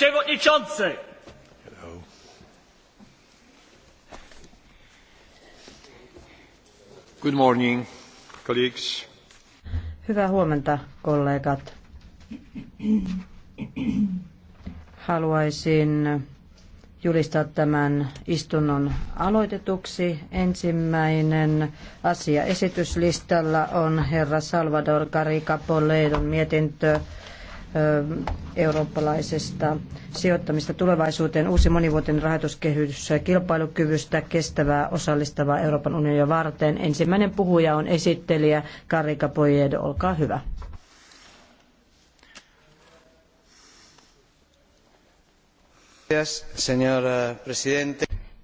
przewodniczący! Good morning, colleagues. Hyvää huomenta, kollegat. Haluaisin julistaa tämän istunnon aloitetuksi. Ensimmäinen asia esityslistalla on herra Salvador Garriga Poledon mietintö eurooppalaisesta sijoittamista tulevaisuuteen, uusi monivuotinen rahoituskehys kilpailukyvystä kestävää osallistavaa Euroopan unionia varten. Ensimmäinen puhuja on esittelijä Karika Pojedo, olkaa hyvä.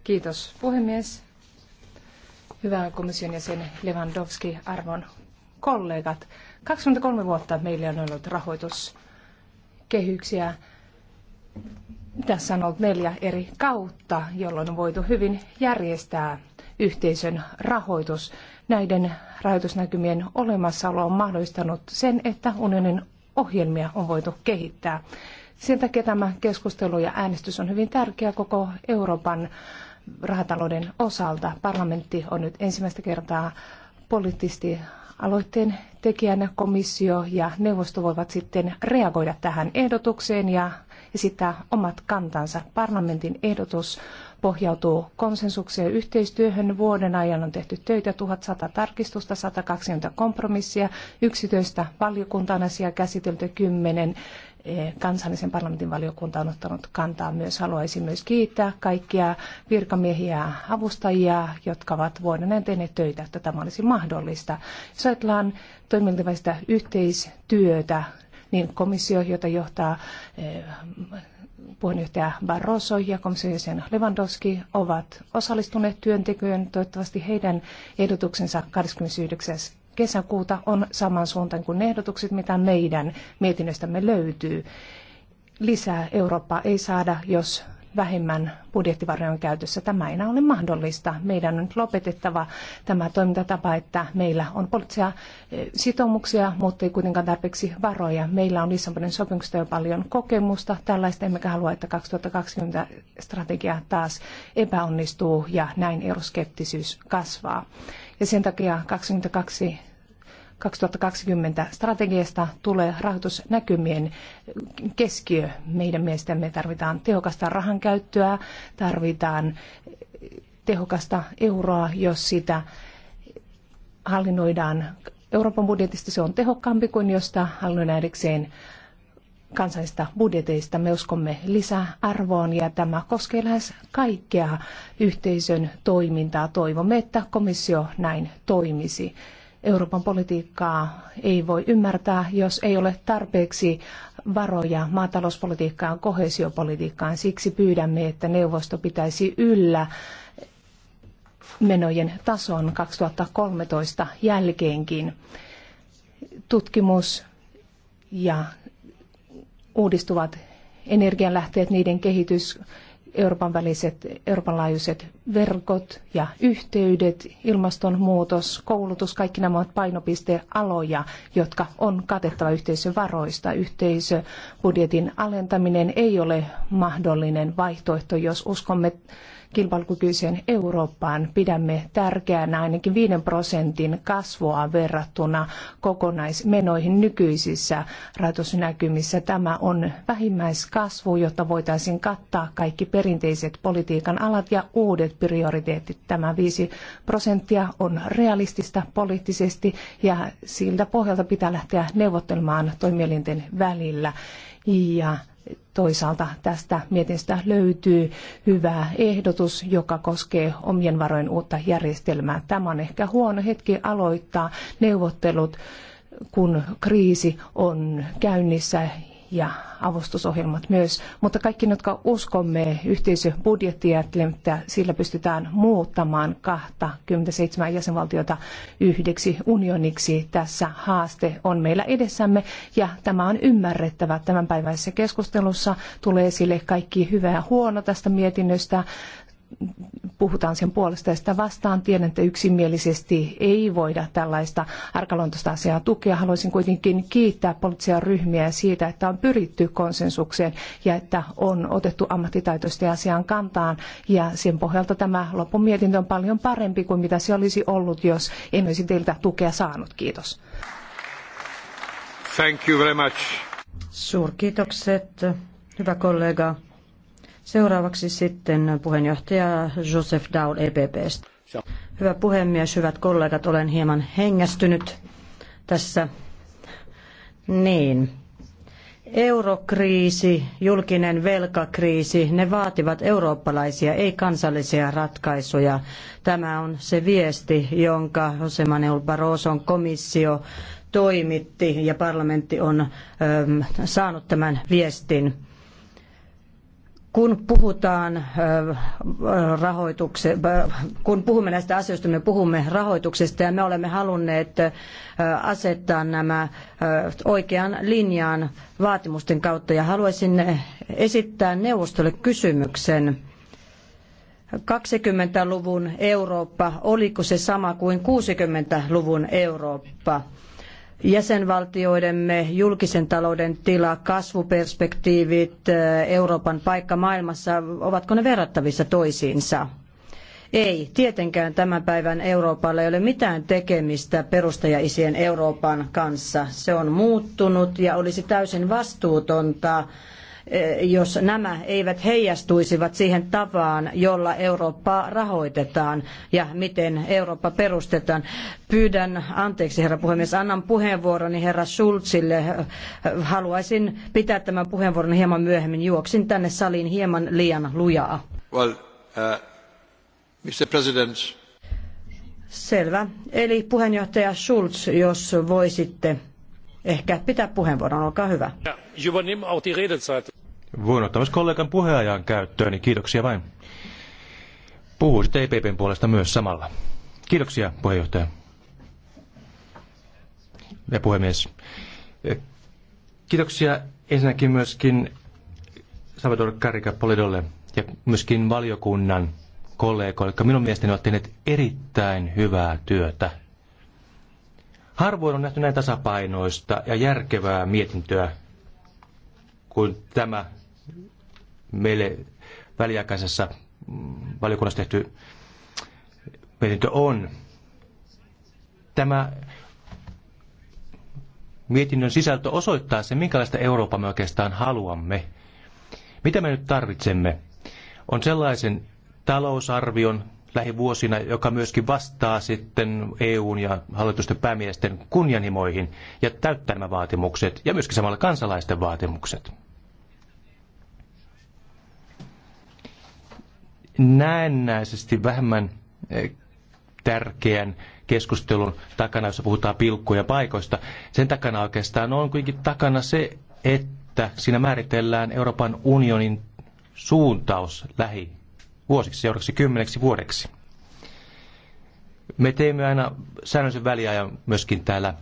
Kiitos puhemies. Hyvä komission jäsen Lewandowski, arvon kollegat. 23 vuotta meillä on ollut rahoitus kehyksiä. Tässä on ollut neljä eri kautta, jolloin on voitu hyvin järjestää yhteisön rahoitus. Näiden rahoitusnäkymien olemassaolo on mahdollistanut sen, että unionin ohjelmia on voitu kehittää. Sen takia tämä keskustelu ja äänestys on hyvin tärkeä koko Euroopan rahatalouden osalta. Parlamentti on nyt ensimmäistä kertaa poliittisesti aloitteen tekijänä komissio ja neuvosto voivat sitten reagoida tähän ehdotukseen ja esittää omat kantansa. Parlamentin ehdotus pohjautuu konsensukseen ja yhteistyöhön. Vuoden ajan on tehty töitä 1100 tarkistusta, 120 kompromissia, 11 valiokuntaan asiaa käsitelty, 10 Eh, kansallisen parlamentin valiokunta on ottanut kantaa myös. Haluaisin myös kiittää kaikkia virkamiehiä ja avustajia, jotka ovat vuoden tehneet töitä, että tämä olisi mahdollista. Jos ajatellaan toimintavaista yhteistyötä, niin komissio, jota johtaa eh, puheenjohtaja Barroso ja komission Lewandowski ovat osallistuneet työntekijöiden. Toivottavasti heidän ehdotuksensa 29 kesäkuuta on saman suuntaan kuin ne ehdotukset, mitä meidän mietinnöstämme löytyy. Lisää Eurooppaa ei saada, jos vähemmän on käytössä. Tämä ei enää ole mahdollista. Meidän on nyt lopetettava tämä toimintatapa, että meillä on poliittisia eh, sitoumuksia, mutta ei kuitenkaan tarpeeksi varoja. Meillä on Lissabonin sopimuksesta jo paljon kokemusta. Tällaista emmekä halua, että 2020 strategia taas epäonnistuu ja näin euroskeptisyys kasvaa. Ja sen takia 22 2020 strategiasta tulee rahoitusnäkymien keskiö. Meidän mielestämme tarvitaan tehokasta rahankäyttöä, tarvitaan tehokasta euroa, jos sitä hallinnoidaan Euroopan budjetista. Se on tehokkaampi kuin jos sitä hallinnoidaan erikseen kansallisista budjeteista. Me uskomme lisäarvoon ja tämä koskee lähes kaikkea yhteisön toimintaa. Toivomme, että komissio näin toimisi. Euroopan politiikkaa ei voi ymmärtää, jos ei ole tarpeeksi varoja maatalouspolitiikkaan, kohesiopolitiikkaan. Siksi pyydämme, että neuvosto pitäisi yllä menojen tason 2013 jälkeenkin. Tutkimus ja uudistuvat energianlähteet, niiden kehitys, Euroopan väliset, Euroopan laajuiset verkot ja yhteydet, ilmastonmuutos, koulutus, kaikki nämä ovat painopistealoja, jotka on katettava yhteisön varoista. Yhteisöbudjetin alentaminen ei ole mahdollinen vaihtoehto, jos uskomme kilpailukykyiseen Eurooppaan pidämme tärkeänä ainakin 5 prosentin kasvua verrattuna kokonaismenoihin nykyisissä rahoitusnäkymissä. Tämä on vähimmäiskasvu, jotta voitaisiin kattaa kaikki perinteiset politiikan alat ja uudet prioriteetit. Tämä 5 prosenttia on realistista poliittisesti ja siltä pohjalta pitää lähteä neuvottelemaan toimielinten välillä. Ja Toisaalta tästä mietinnöstä löytyy hyvä ehdotus, joka koskee omien varojen uutta järjestelmää. Tämä on ehkä huono hetki aloittaa neuvottelut kun kriisi on käynnissä ja avustusohjelmat myös, mutta kaikki, jotka uskomme yhteisöbudjettia, että sillä pystytään muuttamaan 27 jäsenvaltiota yhdeksi unioniksi. Tässä haaste on meillä edessämme ja tämä on ymmärrettävä. Tämänpäiväisessä keskustelussa tulee esille kaikki hyvä ja huono tästä mietinnöstä puhutaan sen puolesta ja sitä vastaan. Tiedän, että yksimielisesti ei voida tällaista arkaluontoista asiaa tukea. Haluaisin kuitenkin kiittää poliittisia ryhmiä siitä, että on pyritty konsensukseen ja että on otettu ammattitaitoisesti asiaan kantaan. Ja sen pohjalta tämä loppumietintö on paljon parempi kuin mitä se olisi ollut, jos emme olisi teiltä tukea saanut. Kiitos. Thank you very much. Suurkiitokset, hyvä kollega. Seuraavaksi sitten puheenjohtaja Joseph Daul EPPstä. Hyvä puhemies, hyvät kollegat, olen hieman hengästynyt tässä. Niin, Eurokriisi, julkinen velkakriisi, ne vaativat eurooppalaisia, ei kansallisia ratkaisuja. Tämä on se viesti, jonka Jose Manuel Barroson komissio toimitti ja parlamentti on saanut tämän viestin kun puhutaan rahoitukse, kun puhumme näistä asioista, me puhumme rahoituksesta ja me olemme halunneet asettaa nämä oikean linjaan vaatimusten kautta ja haluaisin esittää neuvostolle kysymyksen. 20-luvun Eurooppa, oliko se sama kuin 60-luvun Eurooppa? jäsenvaltioidemme julkisen talouden tila, kasvuperspektiivit, Euroopan paikka maailmassa, ovatko ne verrattavissa toisiinsa? Ei, tietenkään tämän päivän Euroopalla ei ole mitään tekemistä perustajaisien Euroopan kanssa. Se on muuttunut ja olisi täysin vastuutonta Eh, jos nämä eivät heijastuisivat siihen tapaan, jolla Eurooppaa rahoitetaan ja miten Eurooppa perustetaan. Pyydän anteeksi, herra puhemies, annan puheenvuoroni herra Schulzille. Haluaisin pitää tämän puheenvuoron hieman myöhemmin. Juoksin tänne saliin hieman liian lujaa. Well, uh, Mr. President. Selvä. Eli puheenjohtaja Schulz, jos voisitte ehkä pitää puheenvuoron, olkaa hyvä. Ja, auch die Redezeit. Voin ottaa myös kollegan puheajan käyttöön, niin kiitoksia vain. Puhuu sitten EPPn puolesta myös samalla. Kiitoksia, puheenjohtaja. Ja puhemies. Kiitoksia ensinnäkin myöskin Salvador Carica Polidolle ja myöskin valiokunnan kollegoille, jotka minun mielestäni ovat tehneet erittäin hyvää työtä. Harvoin on nähty näin tasapainoista ja järkevää mietintöä kuin tämä meille väliaikaisessa mm, valiokunnassa tehty mietintö on. Tämä mietinnön sisältö osoittaa sen, minkälaista Eurooppaa me oikeastaan haluamme. Mitä me nyt tarvitsemme? On sellaisen talousarvion lähivuosina, joka myöskin vastaa sitten EUn ja hallitusten päämiesten kunnianhimoihin ja täyttää nämä vaatimukset ja myöskin samalla kansalaisten vaatimukset. näennäisesti vähemmän eh, tärkeän keskustelun takana, jossa puhutaan pilkkuja paikoista. Sen takana oikeastaan on kuitenkin takana se, että siinä määritellään Euroopan unionin suuntaus lähi vuosiksi, seuraavaksi kymmeneksi vuodeksi. Me teemme aina säännöllisen väliajan myöskin täällä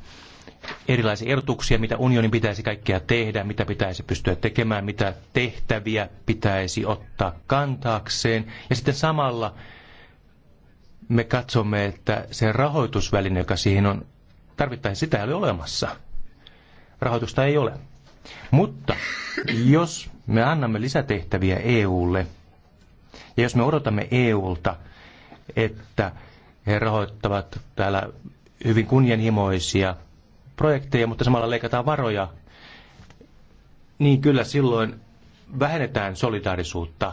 erilaisia ehdotuksia, mitä unionin pitäisi kaikkea tehdä, mitä pitäisi pystyä tekemään, mitä tehtäviä pitäisi ottaa kantaakseen. Ja sitten samalla me katsomme, että se rahoitusväline, joka siihen on, tarvittaisiin sitä ei ole olemassa. Rahoitusta ei ole. Mutta jos me annamme lisätehtäviä EUlle, ja jos me odotamme EUlta, että he rahoittavat täällä hyvin kunnianhimoisia projekteja, mutta samalla leikataan varoja, niin kyllä silloin vähennetään solidaarisuutta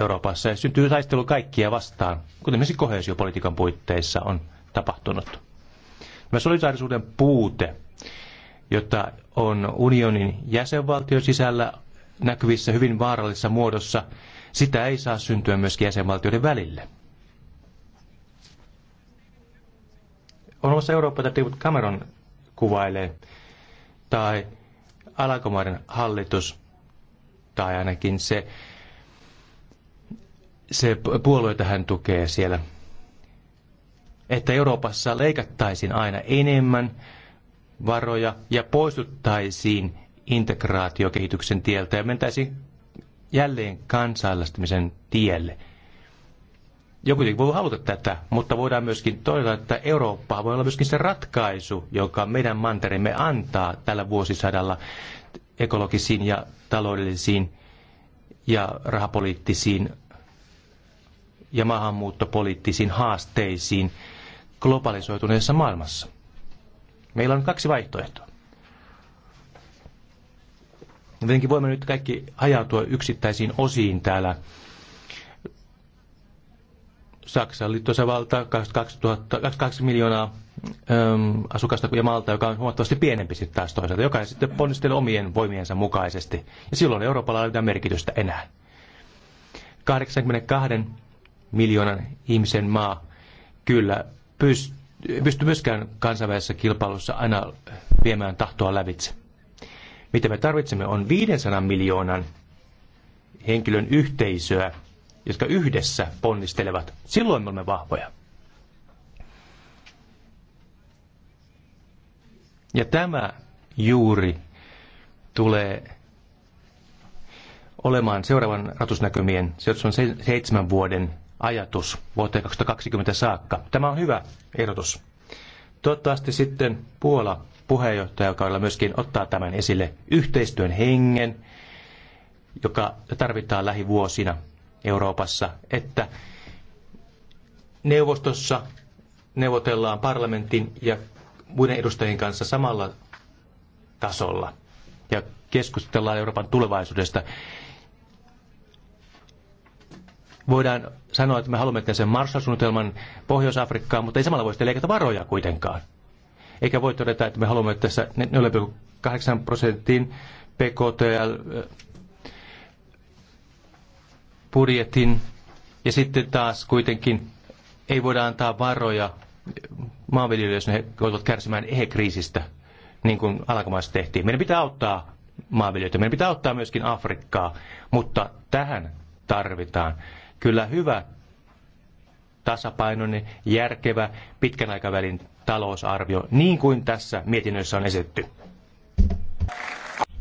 Euroopassa ja syntyy taistelu kaikkia vastaan, kuten myös kohesiopolitiikan puitteissa on tapahtunut. Tämä solidaarisuuden puute, jota on unionin jäsenvaltion sisällä näkyvissä hyvin vaarallisessa muodossa, sitä ei saa syntyä myöskin jäsenvaltioiden välille. On olemassa Eurooppa, jota David Cameron kuvailee, tai Alankomaiden hallitus, tai ainakin se, se puolue, jota hän tukee siellä. Että Euroopassa leikattaisiin aina enemmän varoja ja poistuttaisiin integraatiokehityksen tieltä ja mentäisiin jälleen kansainvälistamisen tielle – kuitenkin voi haluta tätä, mutta voidaan myöskin todeta, että Eurooppa voi olla myöskin se ratkaisu, joka meidän mantereemme antaa tällä vuosisadalla ekologisiin ja taloudellisiin ja rahapoliittisiin ja maahanmuuttopoliittisiin haasteisiin globalisoituneessa maailmassa. Meillä on kaksi vaihtoehtoa. Tietenkin voimme nyt kaikki hajautua yksittäisiin osiin täällä Saksan liittosavalta 22 miljoonaa äm, asukasta ja maalta, joka on huomattavasti pienempi sitten taas toisaalta. Jokainen sitten ponnistelee omien voimiensa mukaisesti. Ja silloin Euroopalla ei ole merkitystä enää. 82 miljoonan ihmisen maa kyllä pystyy pysty myöskään kansainvälisessä kilpailussa aina viemään tahtoa lävitse. Mitä me tarvitsemme on 500 miljoonan henkilön yhteisöä, jotka yhdessä ponnistelevat. Silloin me olemme vahvoja. Ja tämä juuri tulee olemaan seuraavan ratusnäkymien, se on seitsemän vuoden ajatus vuoteen 2020 saakka. Tämä on hyvä ehdotus. Toivottavasti sitten Puola puheenjohtajakaudella myöskin ottaa tämän esille yhteistyön hengen, joka tarvitaan lähivuosina – Euroopassa, että neuvostossa neuvotellaan parlamentin ja muiden edustajien kanssa samalla tasolla ja keskustellaan Euroopan tulevaisuudesta. Voidaan sanoa, että me haluamme tehdä sen Marshall-suunnitelman Pohjois-Afrikkaan, mutta ei samalla voi leikata varoja kuitenkaan. Eikä voi todeta, että me haluamme tässä 0,8 prosentin PKTL budjetin ja sitten taas kuitenkin ei voida antaa varoja maanviljelijöille, jos ne joutuvat kärsimään ehekriisistä, niin kuin alkamaissa tehtiin. Meidän pitää auttaa maanviljelijöitä, meidän pitää auttaa myöskin Afrikkaa, mutta tähän tarvitaan kyllä hyvä tasapainoinen, järkevä, pitkän aikavälin talousarvio, niin kuin tässä mietinnössä on esitetty.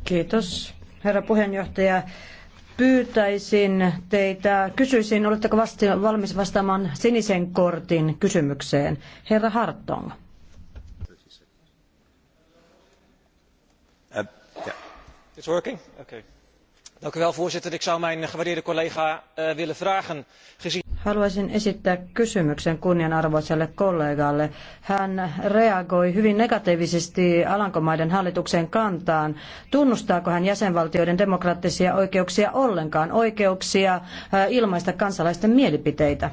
Kiitos, herra puheenjohtaja pyytäisin teitä, kysyisin, oletteko valmis vastaamaan sinisen kortin kysymykseen. Herra Hartong. Eh, It's working? Okay. Dank u wel, voorzitter. Ik zou mijn gewaardeerde collega uh, willen vragen, gezien... Haluaisin esittää kysymyksen kunnianarvoiselle kollegalle. Hän reagoi hyvin negatiivisesti Alankomaiden hallituksen kantaan. Tunnustaako hän jäsenvaltioiden demokraattisia oikeuksia ollenkaan, oikeuksia äh, ilmaista kansalaisten mielipiteitä?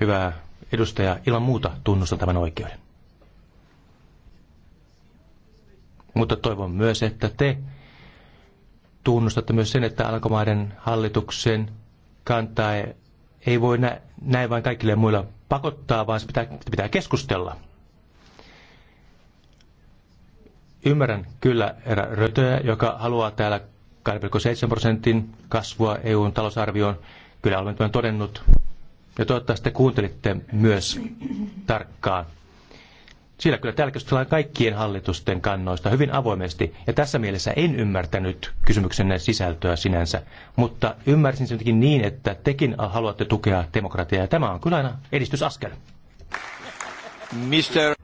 Hyvä edustaja, ilman muuta tunnustan tämän oikeuden. Mutta toivon myös, että te tunnustatte myös sen, että alkomaiden hallituksen kantaa ei voi nä- näin vain kaikille muilla pakottaa, vaan se pitää, pitää keskustella. Ymmärrän kyllä erä Rötöä, joka haluaa täällä 2,7 prosentin kasvua EUn talousarvioon. Kyllä olen tämän todennut. Ja toivottavasti te kuuntelitte myös tarkkaan. Sillä kyllä täällä keskustellaan kaikkien hallitusten kannoista hyvin avoimesti. Ja tässä mielessä en ymmärtänyt kysymyksenne sisältöä sinänsä, mutta ymmärsin sen jotenkin niin, että tekin haluatte tukea demokratiaa. Ja tämä on kyllä aina edistysaskel. Mister...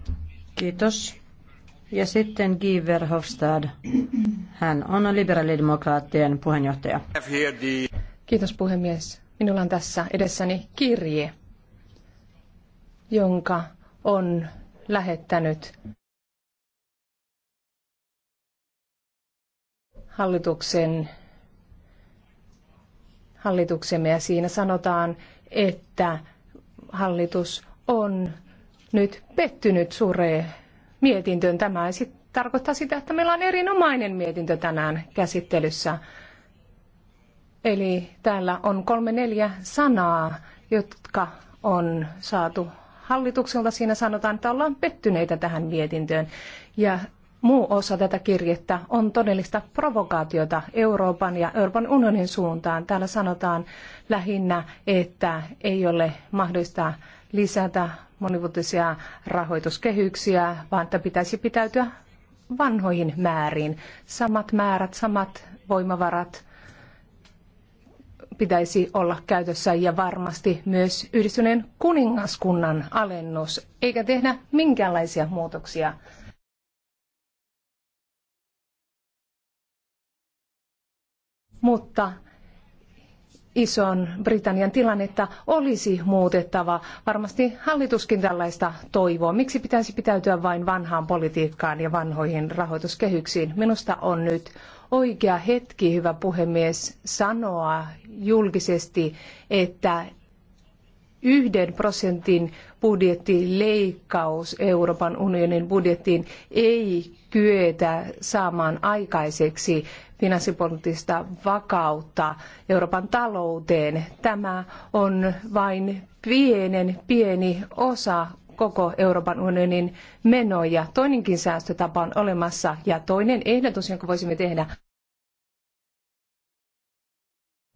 Kiitos. Ja sitten Guy Verhofstad. Hän on liberaalidemokraattien puheenjohtaja. Kiitos puhemies. Minulla on tässä edessäni kirje, jonka on lähettänyt hallituksen hallituksemme ja siinä sanotaan, että hallitus on nyt pettynyt suureen mietintöön. Tämä sit tarkoittaa sitä, että meillä on erinomainen mietintö tänään käsittelyssä. Eli täällä on kolme neljä sanaa, jotka on saatu hallitukselta. Siinä sanotaan, että ollaan pettyneitä tähän mietintöön. Ja muu osa tätä kirjettä on todellista provokaatiota Euroopan ja Euroopan unionin suuntaan. Täällä sanotaan lähinnä, että ei ole mahdollista lisätä monivuotisia rahoituskehyksiä, vaan että pitäisi pitäytyä vanhoihin määriin. Samat määrät, samat voimavarat pitäisi olla käytössä ja varmasti myös yhdistyneen kuningaskunnan alennus, eikä tehdä minkäänlaisia muutoksia. Mutta ison Britannian tilannetta olisi muutettava. Varmasti hallituskin tällaista toivoo. Miksi pitäisi pitäytyä vain vanhaan politiikkaan ja vanhoihin rahoituskehyksiin? Minusta on nyt oikea hetki, hyvä puhemies, sanoa julkisesti, että yhden prosentin budjettileikkaus Euroopan unionin budjettiin ei kyetä saamaan aikaiseksi finanssipoliittista vakautta Euroopan talouteen. Tämä on vain pienen pieni osa koko Euroopan unionin menoja. Toinenkin säästötapa on olemassa ja toinen ehdotus, jonka voisimme tehdä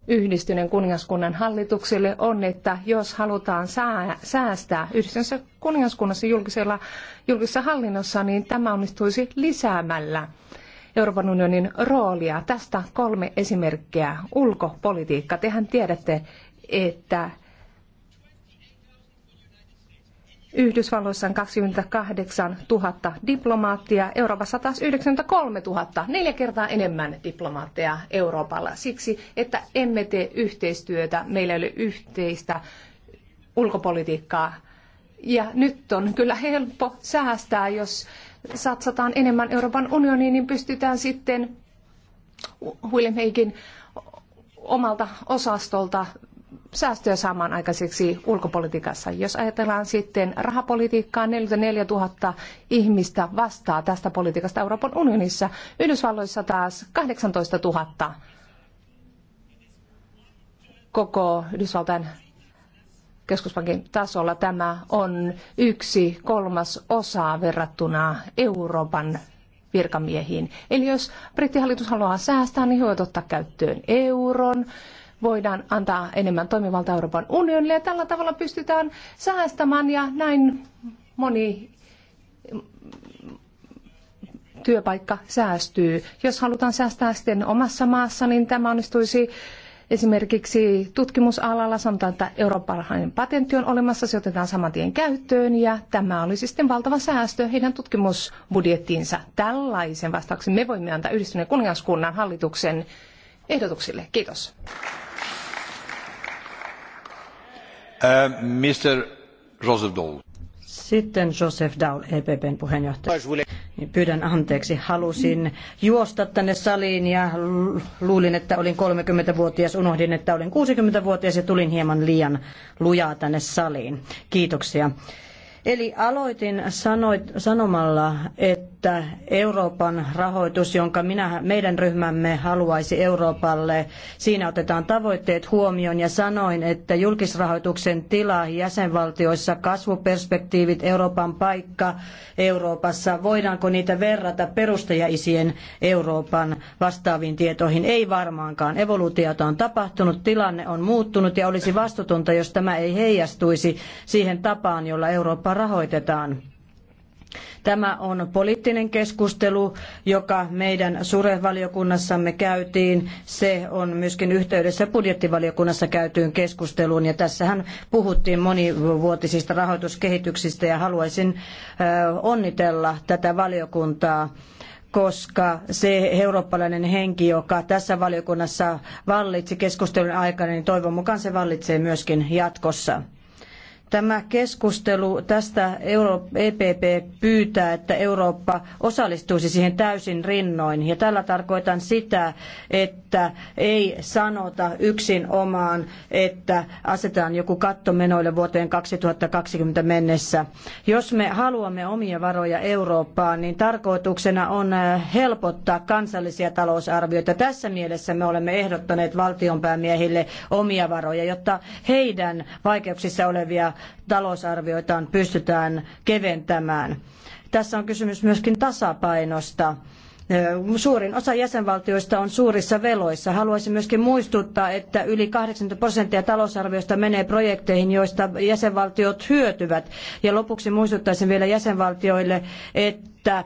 yhdistyneen kuningaskunnan hallitukselle on, että jos halutaan säästää yhdistyneessä kuningaskunnassa julkisella, julkisessa hallinnossa, niin tämä onnistuisi lisäämällä Euroopan unionin roolia. Tästä kolme esimerkkiä. Ulkopolitiikka. Tehän tiedätte, että Yhdysvalloissa on 28 000 diplomaattia, Euroopassa taas 93 000, neljä kertaa enemmän diplomaatteja Euroopalla. Siksi, että emme tee yhteistyötä, meillä ei ole yhteistä ulkopolitiikkaa. Ja nyt on kyllä helppo säästää, jos satsataan enemmän Euroopan unioniin, niin pystytään sitten William Heikin omalta osastolta säästöjä saamaan aikaiseksi ulkopolitiikassa. Jos ajatellaan sitten rahapolitiikkaa, 44 000 ihmistä vastaa tästä politiikasta Euroopan unionissa. Yhdysvalloissa taas 18 000 koko Yhdysvaltain keskuspankin tasolla. Tämä on yksi kolmas osa verrattuna Euroopan virkamiehiin. Eli jos brittihallitus haluaa säästää, niin he voivat ottaa käyttöön euron voidaan antaa enemmän toimivalta Euroopan unionille ja tällä tavalla pystytään säästämään ja näin moni työpaikka säästyy. Jos halutaan säästää sitten omassa maassa, niin tämä onnistuisi esimerkiksi tutkimusalalla. Sanotaan, että eurooppalainen patentti on olemassa, se otetaan saman tien käyttöön ja tämä olisi sitten valtava säästö heidän tutkimusbudjettiinsa. Tällaisen vastauksen me voimme antaa yhdistyneen kuningaskunnan hallituksen ehdotuksille. Kiitos. Eh, Joseph Daul. Sitten Joseph Daul, EPPn puheenjohtaja. Niin pyydän anteeksi, halusin juosta tänne saliin ja luulin, että olin 30-vuotias, unohdin, että olin 60-vuotias ja tulin hieman liian lujaa tänne saliin. Kiitoksia. Eli aloitin sanoit, sanomalla, että Euroopan rahoitus, jonka minä, meidän ryhmämme haluaisi Euroopalle, siinä otetaan tavoitteet huomioon ja sanoin, että julkisrahoituksen tila jäsenvaltioissa, kasvuperspektiivit, Euroopan paikka Euroopassa, voidaanko niitä verrata perustajaisien Euroopan vastaaviin tietoihin? Ei varmaankaan. Evoluutiota on tapahtunut, tilanne on muuttunut ja olisi vastuutonta, jos tämä ei heijastuisi siihen tapaan, jolla Eurooppa Eurooppa rahoitetaan. Tämä on poliittinen keskustelu, joka meidän surevaliokunnassamme käytiin. Se on myöskin yhteydessä budjettivaliokunnassa käytyyn keskusteluun. Ja tässähän puhuttiin monivuotisista rahoituskehityksistä ja haluaisin onnitella tätä valiokuntaa koska se eurooppalainen henki, joka tässä valiokunnassa vallitsi keskustelun aikana, niin toivon mukaan se vallitsee myöskin jatkossa. Tämä keskustelu tästä EPP e pyytää, että Eurooppa osallistuisi siihen täysin rinnoin. Ja tällä tarkoitan sitä, että ei sanota yksin omaan, että asetetaan joku katto menoille vuoteen 2020 mennessä. Jos me haluamme omia varoja Eurooppaan, niin tarkoituksena on äh, helpottaa kansallisia talousarvioita. Tässä mielessä me olemme ehdottaneet valtionpäämiehille omia varoja, jotta heidän vaikeuksissa olevia talousarvioitaan pystytään keventämään. Tässä on kysymys myöskin tasapainosta. Suurin osa jäsenvaltioista on suurissa veloissa. Haluaisin myöskin muistuttaa, että yli 80 prosenttia talousarviosta menee projekteihin, joista jäsenvaltiot hyötyvät. Ja lopuksi muistuttaisin vielä jäsenvaltioille, että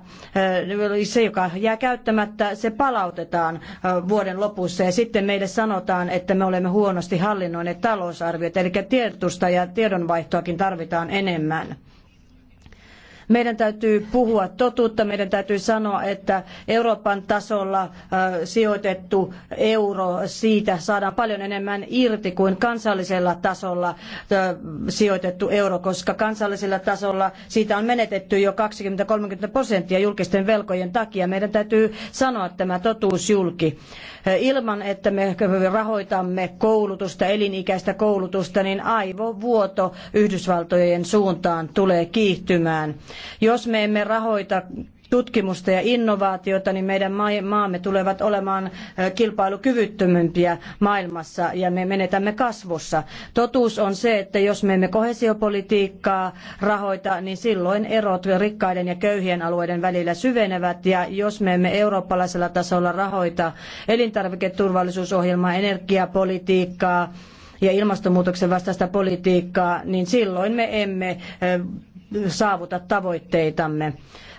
se, joka jää käyttämättä, se palautetaan vuoden lopussa ja sitten meille sanotaan, että me olemme huonosti hallinnoineet talousarviot. Eli tiedotusta ja tiedonvaihtoakin tarvitaan enemmän. Meidän täytyy puhua totuutta, meidän täytyy sanoa, että Euroopan tasolla äh, sijoitettu euro, siitä saadaan paljon enemmän irti kuin kansallisella tasolla äh, sijoitettu euro, koska kansallisella tasolla siitä on menetetty jo 20-30 prosenttia julkisten velkojen takia. Meidän täytyy sanoa tämä totuus julki. Äh, ilman, että me rahoitamme koulutusta, elinikäistä koulutusta, niin aivovuoto Yhdysvaltojen suuntaan tulee kiihtymään. Jos me emme rahoita tutkimusta ja innovaatiota, niin meidän maamme tulevat olemaan kilpailukyvyttömämpiä maailmassa ja me menetämme kasvussa. Totuus on se, että jos me emme kohesiopolitiikkaa rahoita, niin silloin erot rikkaiden ja köyhien alueiden välillä syvenevät ja jos me emme eurooppalaisella tasolla rahoita elintarviketurvallisuusohjelmaa, energiapolitiikkaa, ja ilmastonmuutoksen vastaista politiikkaa, niin silloin me emme saavuta tavoitteitamme.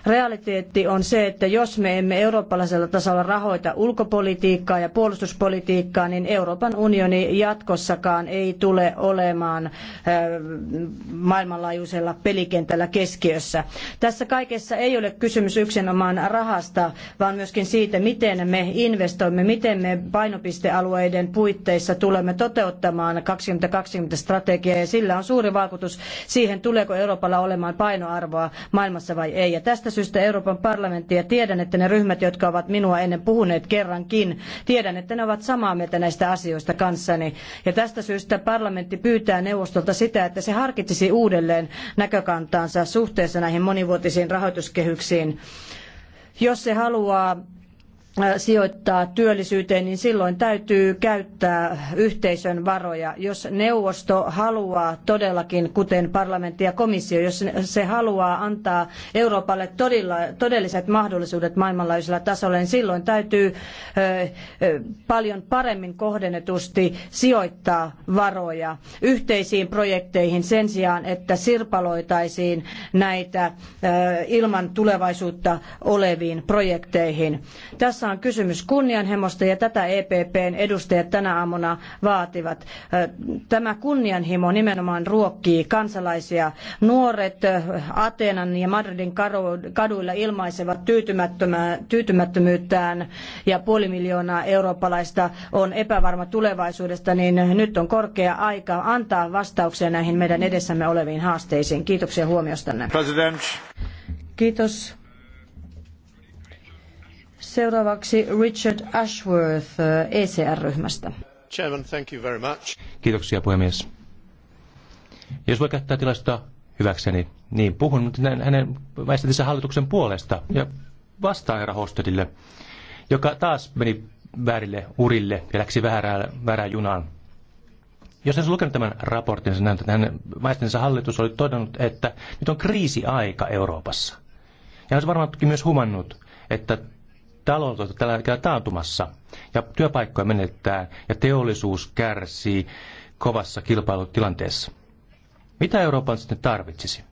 Realiteetti on se, että jos me emme eurooppalaisella tasolla rahoita ulkopolitiikkaa ja puolustuspolitiikkaa, niin Euroopan unioni jatkossakaan ei tule olemaan maailmanlaajuisella pelikentällä keskiössä. Tässä kaikessa ei ole kysymys yksinomaan rahasta, vaan myöskin siitä, miten me investoimme, miten me painopistealueiden puitteissa tulemme toteuttamaan 2020-strategiaa ja sillä on suuri vaikutus siihen, tuleeko Euroopalla olemaan painoarvoa maailmassa vai ei. Ja tästä syystä Euroopan parlamentti ja tiedän, että ne ryhmät, jotka ovat minua ennen puhuneet kerrankin, tiedän, että ne ovat samaa mieltä näistä asioista kanssani. Ja tästä syystä parlamentti pyytää neuvostolta sitä, että se harkitsisi uudelleen näkökantaansa suhteessa näihin monivuotisiin rahoituskehyksiin jos se haluaa sijoittaa työllisyyteen, niin silloin täytyy käyttää yhteisön varoja. Jos neuvosto haluaa todellakin, kuten parlamentti ja komissio, jos se haluaa antaa Euroopalle todelliset mahdollisuudet maailmanlaajuisella tasolla, niin silloin täytyy paljon paremmin kohdennetusti sijoittaa varoja yhteisiin projekteihin sen sijaan, että sirpaloitaisiin näitä ilman tulevaisuutta oleviin projekteihin. Tässä tässä on kysymys kunnianhimosta ja tätä EPPn edustajat tänä aamuna vaativat. Tämä kunnianhimo nimenomaan ruokkii kansalaisia. Nuoret Ateenan ja Madridin kaduilla ilmaisevat tyytymättömyyttään ja puoli miljoonaa eurooppalaista on epävarma tulevaisuudesta, niin nyt on korkea aika antaa vastauksia näihin meidän edessämme oleviin haasteisiin. Kiitoksia huomiostanne. President. Kiitos Seuraavaksi Richard Ashworth äh, ECR-ryhmästä. Chairman, thank you very much. Kiitoksia puhemies. Jos voi käyttää tilasta hyväkseni, niin puhun nyt hänen väistätisessä hallituksen puolesta ja vastaan herra Hostedille, joka taas meni väärille urille ja läksi väärään, väärään junaan. Jos hän lukenut tämän raportin, niin näyttää, että hänen väistänsä hallitus oli todennut, että nyt on kriisiaika Euroopassa. Ja olisi varmaan myös humannut, että talous on tällä hetkellä taantumassa ja työpaikkoja menettää ja teollisuus kärsii kovassa kilpailutilanteessa. Mitä Euroopan sitten tarvitsisi?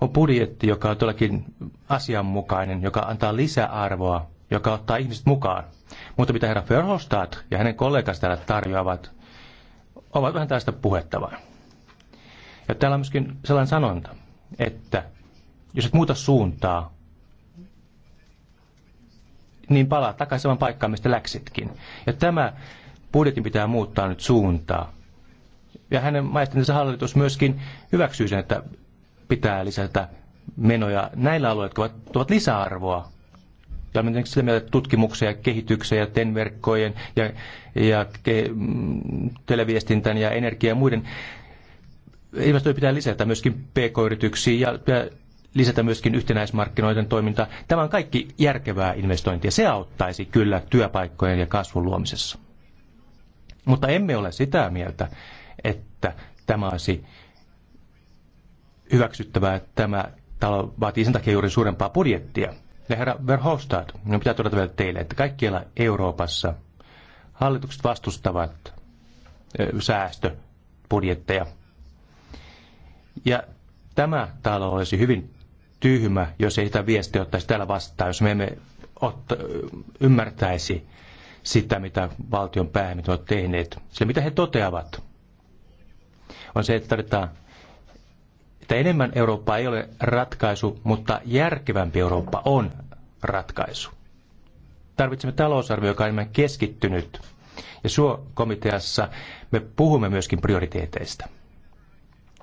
On budjetti, joka on todellakin asianmukainen, joka antaa lisäarvoa, joka ottaa ihmiset mukaan. Mutta mitä herra Verhofstadt ja hänen kollegansa täällä tarjoavat, ovat vähän tästä puhettavaa. Ja täällä on myöskin sellainen sanonta, että jos et muuta suuntaa, niin palaa takaisin saman paikkaan, mistä läksitkin. Ja tämä budjetin pitää muuttaa nyt suuntaa. Ja hänen maistensa hallitus myöskin hyväksyy sen, että pitää lisätä menoja näillä alueilla, jotka tuovat lisäarvoa. Ja olemme sitä mieltä, että tutkimuksen ja kehityksen ja TEN-verkkojen ja, ja ke, mm, televiestintän ja energian ja muiden investointeja pitää lisätä myöskin pk-yrityksiin ja, ja lisätä myöskin yhtenäismarkkinoiden toimintaa. Tämä on kaikki järkevää investointia. Se auttaisi kyllä työpaikkojen ja kasvun luomisessa. Mutta emme ole sitä mieltä, että tämä olisi hyväksyttävää, että tämä talo vaatii sen takia juuri suurempaa budjettia. Ja herra Verhofstadt, minun pitää todeta vielä teille, että kaikkialla Euroopassa hallitukset vastustavat säästöbudjetteja. Ja tämä talo olisi hyvin tyhmä, jos ei sitä viestiä ottaisi täällä vastaan, jos me emme otta, ymmärtäisi sitä, mitä valtion päähemmät ovat tehneet. Sillä mitä he toteavat, on se, että tarvitaan, että enemmän Eurooppaa ei ole ratkaisu, mutta järkevämpi Eurooppa on ratkaisu. Tarvitsemme talousarvio, joka on enemmän keskittynyt. Ja suo komiteassa me puhumme myöskin prioriteeteista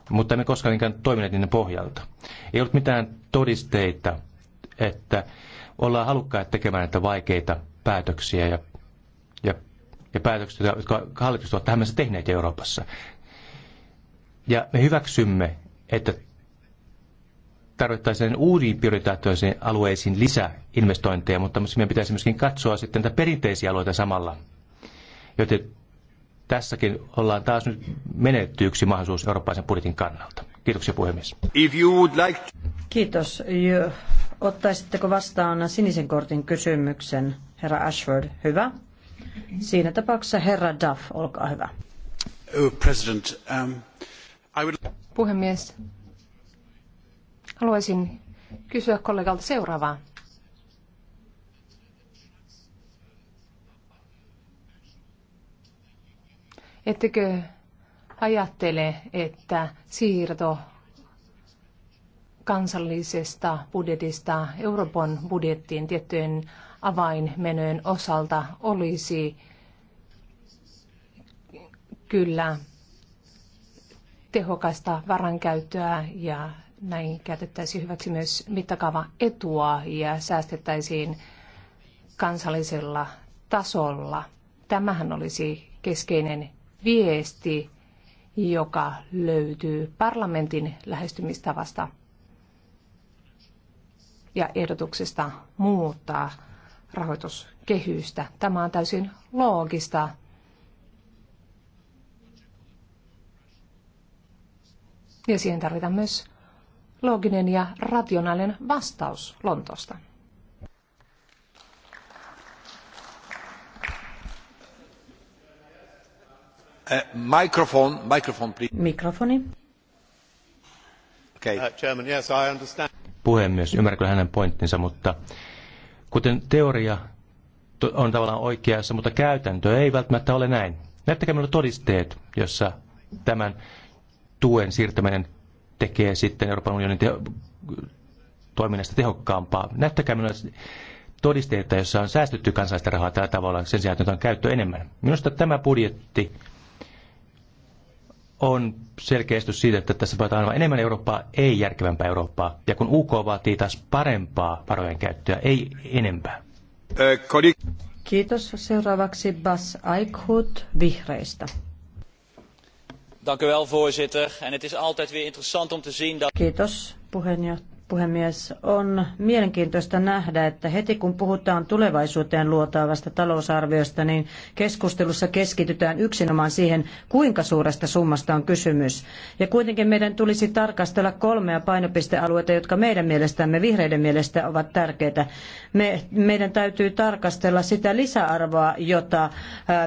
mutta emme koskaan niinkään toimineet niiden pohjalta. Ei ollut mitään todisteita, että ollaan halukkaita tekemään näitä vaikeita päätöksiä ja, ja, ja päätöksiä, jotka hallitus ovat tähän mennessä tehneet Euroopassa. Ja me hyväksymme, että tarvittaisiin uusiin prioriteettisiin alueisiin lisäinvestointeja, mutta meidän pitäisi myöskin katsoa sitten näitä perinteisiä alueita samalla. Joten tässäkin ollaan taas nyt menetty yksi mahdollisuus eurooppalaisen budjetin kannalta. Kiitoksia puhemies. If you would like to... Kiitos. Ottaisitteko vastaan sinisen kortin kysymyksen, herra Ashford? Hyvä. Siinä tapauksessa herra Duff, olkaa hyvä. Oh, President, um, I would... Puhemies, haluaisin kysyä kollegalta seuraavaa. Ettekö ajattele, että siirto kansallisesta budjetista Euroopan budjettiin tiettyjen avainmenojen osalta olisi kyllä tehokasta varankäyttöä ja näin käytettäisiin hyväksi myös mittakaava etua ja säästettäisiin kansallisella tasolla. Tämähän olisi keskeinen viesti, joka löytyy parlamentin lähestymistavasta ja ehdotuksesta muuttaa rahoituskehystä. Tämä on täysin loogista. Ja siihen tarvitaan myös looginen ja rationaalinen vastaus Lontosta. Mikrofon, eh, mikrofon, Mikrofoni. Okay. Uh, Puhemies, ymmärränkö hänen pointtinsa, mutta kuten teoria on tavallaan oikeassa, mutta käytäntö ei välttämättä ole näin. Näyttäkää minulle todisteet, jossa tämän tuen siirtäminen tekee sitten Euroopan unionin toiminnasta tehokkaampaa. Näyttäkää minulle todisteita, jossa on säästetty kansalaisten rahaa tällä tavalla sen sijaan, että on käyttö enemmän. Minusta tämä budjetti on selkeästi siitä, että tässä päätetään aivan enemmän Eurooppaa, ei järkevämpää Eurooppaa. Ja kun UK vaatii taas parempaa varojen käyttöä, ei enempää. Kiitos. Seuraavaksi Bas Aikhut vihreistä. Dank u wel, voorzitter. En het is altijd weer interessant om te zien dat... Kiitos, puheenjohtaja puhemies. On mielenkiintoista nähdä, että heti kun puhutaan tulevaisuuteen luotaavasta talousarviosta, niin keskustelussa keskitytään yksinomaan siihen, kuinka suuresta summasta on kysymys. Ja kuitenkin meidän tulisi tarkastella kolmea painopistealuetta, jotka meidän mielestämme, vihreiden mielestä, ovat tärkeitä. Me, meidän täytyy tarkastella sitä lisäarvoa, jota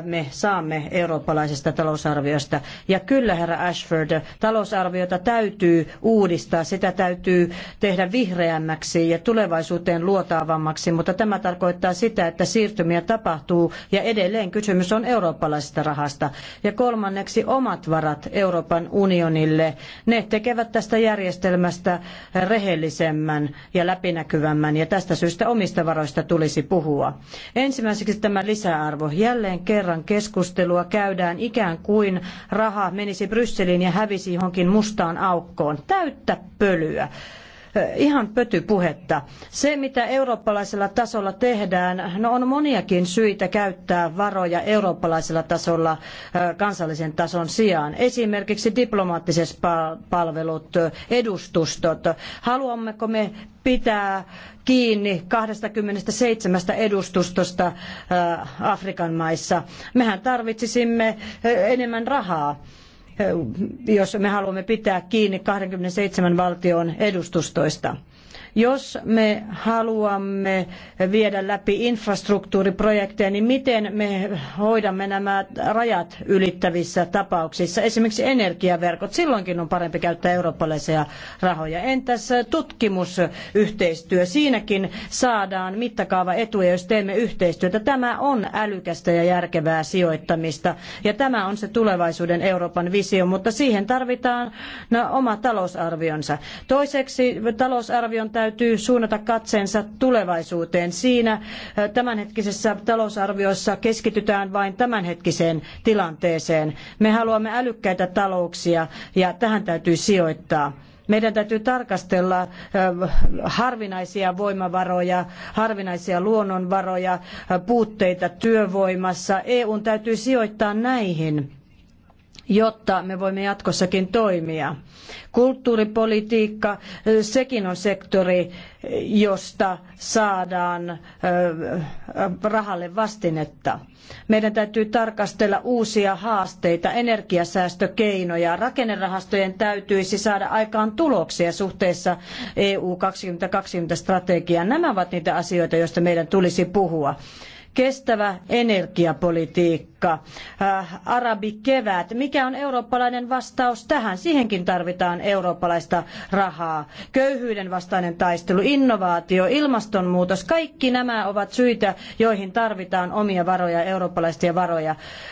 me saamme eurooppalaisesta talousarviosta. Ja kyllä, herra Ashford, talousarviota täytyy uudistaa, sitä täytyy tehdä tehdä vihreämmäksi ja tulevaisuuteen luotaavammaksi, mutta tämä tarkoittaa sitä, että siirtymiä tapahtuu ja edelleen kysymys on eurooppalaisesta rahasta. Ja kolmanneksi omat varat Euroopan unionille, ne tekevät tästä järjestelmästä rehellisemmän ja läpinäkyvämmän ja tästä syystä omista varoista tulisi puhua. Ensimmäiseksi tämä lisäarvo. Jälleen kerran keskustelua käydään ikään kuin raha menisi Brysseliin ja hävisi johonkin mustaan aukkoon. Täyttä pölyä. Eh, ihan pötypuhetta. Se, mitä eurooppalaisella tasolla tehdään, no on moniakin syitä käyttää varoja eurooppalaisella tasolla eh, kansallisen tason sijaan. Esimerkiksi diplomaattiset palvelut, eh, edustustot. Haluammeko me pitää kiinni 27 edustustosta Afrikan maissa? Mehän tarvitsisimme enemmän rahaa jos me haluamme pitää kiinni 27 valtion edustustoista. Jos me haluamme viedä läpi infrastruktuuriprojekteja, niin miten me hoidamme nämä rajat ylittävissä tapauksissa? Esimerkiksi energiaverkot, silloinkin on parempi käyttää eurooppalaisia rahoja. Entäs tutkimusyhteistyö? Siinäkin saadaan mittakaava etuja, jos teemme yhteistyötä. Tämä on älykästä ja järkevää sijoittamista. Ja tämä on se tulevaisuuden Euroopan visio, mutta siihen tarvitaan no, oma talousarvionsa. Toiseksi talousarvion täytyy suunnata katseensa tulevaisuuteen. Siinä äh, tämänhetkisessä talousarviossa keskitytään vain tämänhetkiseen tilanteeseen. Me haluamme älykkäitä talouksia ja tähän täytyy sijoittaa. Meidän täytyy tarkastella äh, harvinaisia voimavaroja, harvinaisia luonnonvaroja, äh, puutteita työvoimassa. EUn täytyy sijoittaa näihin jotta me voimme jatkossakin toimia. Kulttuuripolitiikka, sekin on sektori, josta saadaan rahalle vastinetta. Meidän täytyy tarkastella uusia haasteita, energiasäästökeinoja. Rakennerahastojen täytyisi saada aikaan tuloksia suhteessa EU 2020-strategiaan. Nämä ovat niitä asioita, joista meidän tulisi puhua. Kestävä energiapolitiikka Kreikka, äh, arabikevät. Mikä on eurooppalainen vastaus tähän? Siihenkin tarvitaan eurooppalaista rahaa. Köyhyyden vastainen taistelu, innovaatio, ilmastonmuutos, kaikki nämä ovat syitä, joihin tarvitaan omia varoja, eurooppalaisia varoja.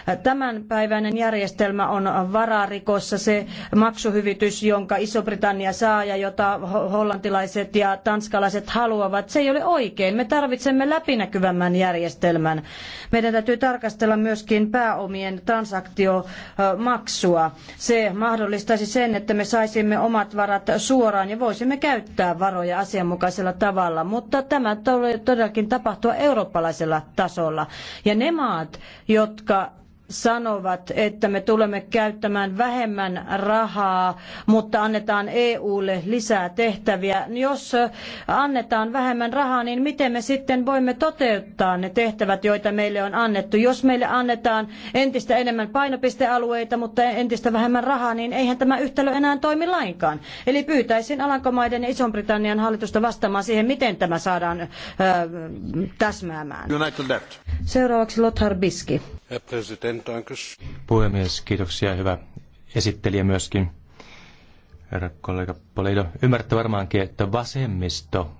Äh, tämänpäiväinen järjestelmä on vararikossa se maksuhyvitys, jonka Iso-Britannia saa ja jota hollantilaiset ja tanskalaiset haluavat. Se ei ole oikein. Me tarvitsemme läpinäkyvämmän järjestelmän. Meidän täytyy tarkastella myöskin myöskin pääomien transaktiomaksua. Se mahdollistaisi sen, että me saisimme omat varat suoraan ja voisimme käyttää varoja asianmukaisella tavalla, mutta tämä todellakin tapahtua eurooppalaisella tasolla. Ja ne maat, jotka sanovat, että me tulemme käyttämään vähemmän rahaa, mutta annetaan EUlle lisää tehtäviä. Jos annetaan vähemmän rahaa, niin miten me sitten voimme toteuttaa ne tehtävät, joita meille on annettu? Jos meille annetaan entistä enemmän painopistealueita, mutta entistä vähemmän rahaa, niin eihän tämä yhtälö enää toimi lainkaan. Eli pyytäisin Alankomaiden ja Ison-Britannian hallitusta vastaamaan siihen, miten tämä saadaan täsmäämään. United left. Seuraavaksi Lothar Biski. Puhemies, kiitoksia. Hyvä esittelijä myöskin. Herra kollega Poleido, ymmärrätte varmaankin, että vasemmisto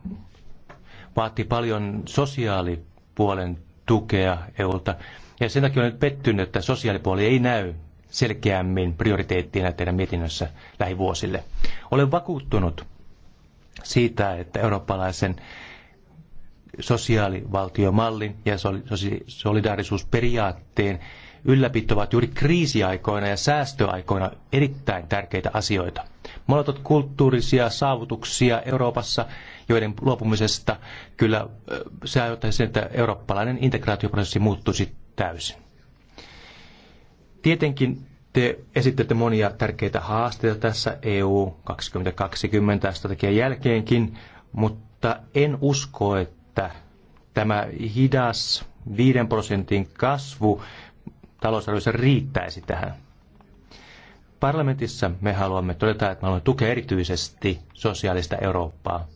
vaatii paljon sosiaalipuolen tukea EUlta. Ja sen takia olen pettynyt, että sosiaalipuoli ei näy selkeämmin prioriteettina teidän mietinnössä lähivuosille. Olen vakuuttunut siitä, että eurooppalaisen sosiaalivaltiomallin ja solidaarisuusperiaatteen ylläpito ovat juuri kriisiaikoina ja säästöaikoina erittäin tärkeitä asioita. Monet kulttuurisia saavutuksia Euroopassa, joiden luopumisesta kyllä se aiheuttaa sen, että eurooppalainen integraatioprosessi muuttuisi täysin. Tietenkin te esittätte monia tärkeitä haasteita tässä EU 2020 strategian jälkeenkin, mutta en usko, että että tämä hidas 5 prosentin kasvu talousarviossa riittäisi tähän. Parlamentissa me haluamme todeta, että me haluamme tukea erityisesti sosiaalista Eurooppaa.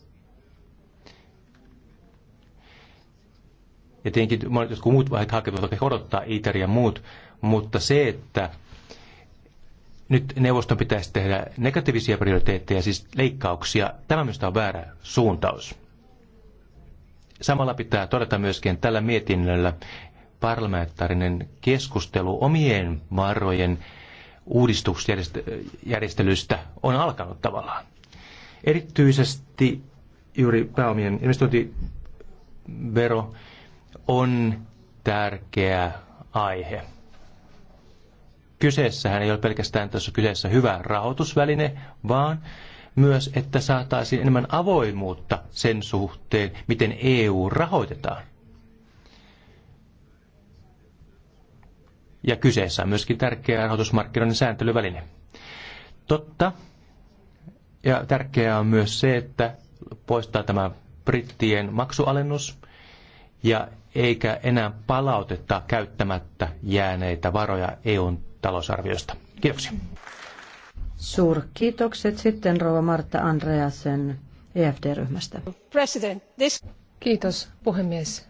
Ja tietenkin monet jotkut muut vaiheet hakevat ehkä odottaa ITER ja muut, mutta se, että nyt neuvoston pitäisi tehdä negatiivisia prioriteetteja, siis leikkauksia, tämä minusta on väärä suuntaus. Samalla pitää todeta myöskin tällä mietinnöllä parlamentaarinen keskustelu omien varojen uudistusjärjestelystä on alkanut tavallaan. Erityisesti juuri pääomien investointivero on tärkeä aihe. Kyseessähän ei ole pelkästään tässä kyseessä hyvä rahoitusväline, vaan myös, että saataisiin enemmän avoimuutta sen suhteen, miten EU rahoitetaan. Ja kyseessä on myöskin tärkeä rahoitusmarkkinoiden sääntelyväline. Totta, ja tärkeää on myös se, että poistaa tämä brittien maksualennus ja eikä enää palauteta käyttämättä jääneitä varoja EUn talousarviosta. Kiitoksia. Suurkiitokset sitten rouva Martta Andreasen EFD-ryhmästä. Kiitos puhemies.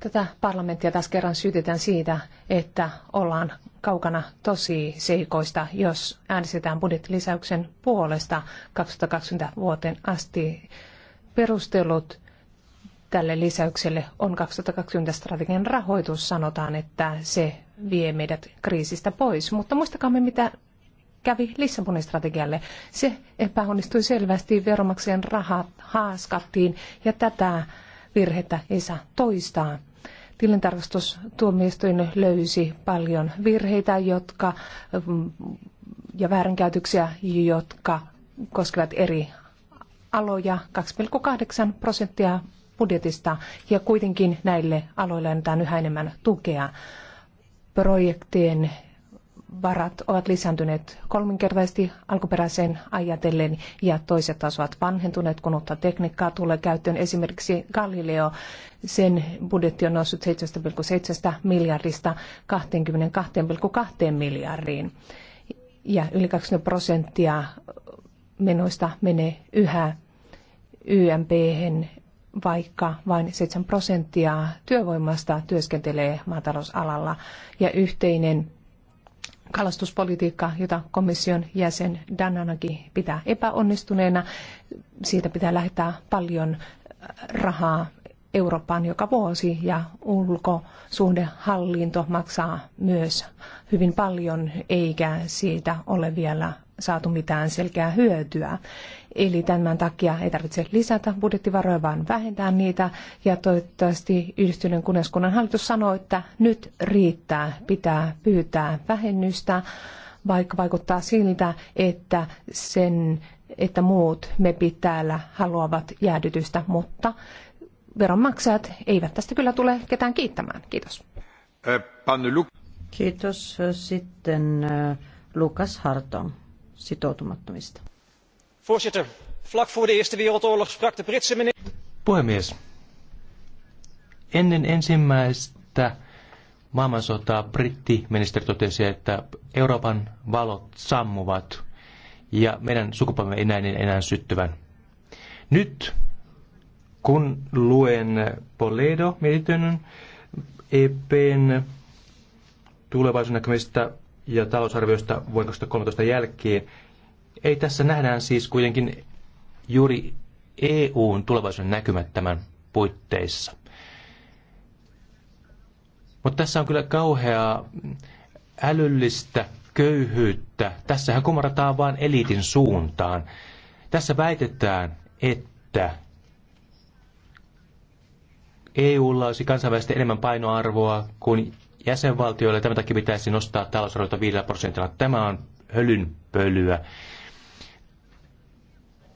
Tätä parlamenttia taas kerran syytetään siitä, että ollaan kaukana tosi seikoista, jos äänestetään budjettilisäyksen puolesta 2020 vuoteen asti. Perustelut tälle lisäykselle on 2020 strategian rahoitus. Sanotaan, että se vie meidät kriisistä pois. Mutta muistakaa me, mitä kävi Lissabonin strategialle. Se epäonnistui selvästi, veromaksien rahat haaskattiin ja tätä virhettä ei saa toistaa. Tilintarkastustuomioistuin löysi paljon virheitä jotka, mm, ja väärinkäytöksiä, jotka koskevat eri aloja 2,8 prosenttia budjetista ja kuitenkin näille aloille annetaan yhä enemmän tukea. Projektien varat ovat lisääntyneet kolminkertaisesti alkuperäiseen ajatellen ja toiset taas ovat vanhentuneet, kun uutta tekniikkaa tulee käyttöön. Esimerkiksi Galileo, sen budjetti on noussut 7,7 miljardista 22,2 miljardiin. Ja yli 20 prosenttia menoista menee yhä YMP, vaikka vain 7 prosenttia työvoimasta työskentelee maatalousalalla. Ja yhteinen kalastuspolitiikka, jota komission jäsen Dananaki pitää epäonnistuneena. Siitä pitää lähettää paljon äh, rahaa Eurooppaan joka vuosi ja ulkosuhdehallinto maksaa myös hyvin paljon eikä siitä ole vielä saatu mitään selkeää hyötyä. Eli tämän takia ei tarvitse lisätä budjettivaroja, vaan vähentää niitä. Ja toivottavasti yhdistyneen kuningaskunnan hallitus sanoo, että nyt riittää, pitää pyytää vähennystä, vaikka vaikuttaa siltä, että sen että muut mepit täällä haluavat jäädytystä, mutta veronmaksajat eivät tästä kyllä tule ketään kiittämään. Kiitos. Kiitos. Sitten Lukas Harton sitoutumattomista voorzitter vlak voor de eerste wereldoorlog sprak de britse minister. puhemies ennen ensimmäistä maailmansotaa totesi, että Euroopan valot sammuvat ja meidän sukupolvemme ei näin enää syttyvän. Nyt kun luen Poledo mietinnön EPn tulevaisuuden näkymistä ja talousarviosta vuoden 2013 jälkeen, ei tässä nähdään siis kuitenkin juuri EUn tulevaisuuden näkymät tämän puitteissa. Mutta tässä on kyllä kauheaa älyllistä köyhyyttä. Tässähän kumarataan vain eliitin suuntaan. Tässä väitetään, että EUlla olisi kansainvälisesti enemmän painoarvoa kuin jäsenvaltioille. Tämän takia pitäisi nostaa talousarvoita 5 prosentilla. Tämä on hölynpölyä.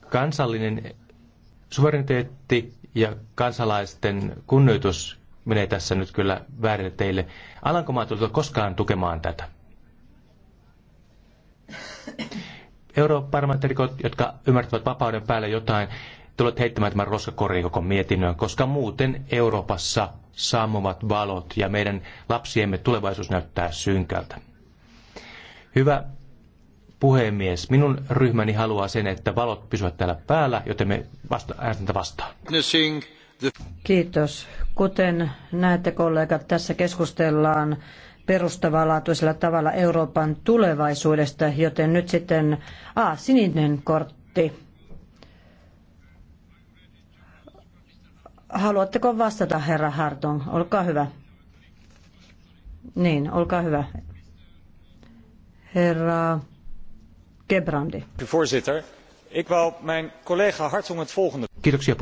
Kansallinen suvereniteetti ja kansalaisten kunnioitus menee tässä nyt kyllä väärille teille. Alankomaat tulee koskaan tukemaan tätä. Europarlamentarikot, jotka ymmärtävät vapauden päälle jotain, tulevat heittämään tämän roskakoriin koko mietinnön, koska muuten Euroopassa sammuvat valot ja meidän lapsiemme tulevaisuus näyttää synkältä. Hyvä puhemies. Minun ryhmäni haluaa sen, että valot pysyvät täällä päällä, joten me vasta- äänestämme vastaan. Kiitos. Kuten näette kollegat, tässä keskustellaan perustavanlaatuisella tavalla Euroopan tulevaisuudesta, joten nyt sitten a, sininen kortti. Haluatteko vastata, herra Harton? Olkaa hyvä. Niin, olkaa hyvä. Herra Voorzitter, ik wou mijn collega Hartong het volgende... vragen.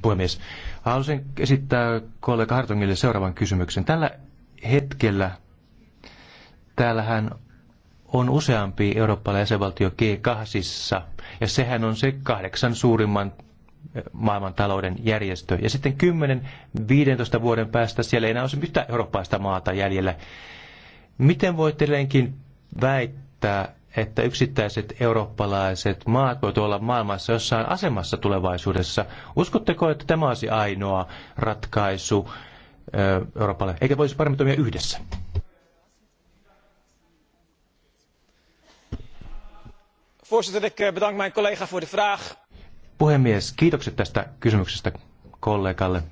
puheenjohtaja, Haluaisin esittää kollega Hartongille seuraavan kysymyksen. Tällä hetkellä täällähän on useampi eurooppalainen jäsenvaltio G8, ja sehän on se kahdeksan suurimman eh, maailmantalouden järjestö. Ja sitten 10-15 vuoden päästä siellä ei enää ole mitään eurooppalaista maata jäljellä. Miten voit edelleenkin väittää, että yksittäiset eurooppalaiset maat voivat olla maailmassa jossain asemassa tulevaisuudessa. Uskotteko, että tämä olisi ainoa ratkaisu Euroopalle, eikä voisi paremmin toimia yhdessä? Eh, Puhemies, kiitokset tästä kysymyksestä kollegalle.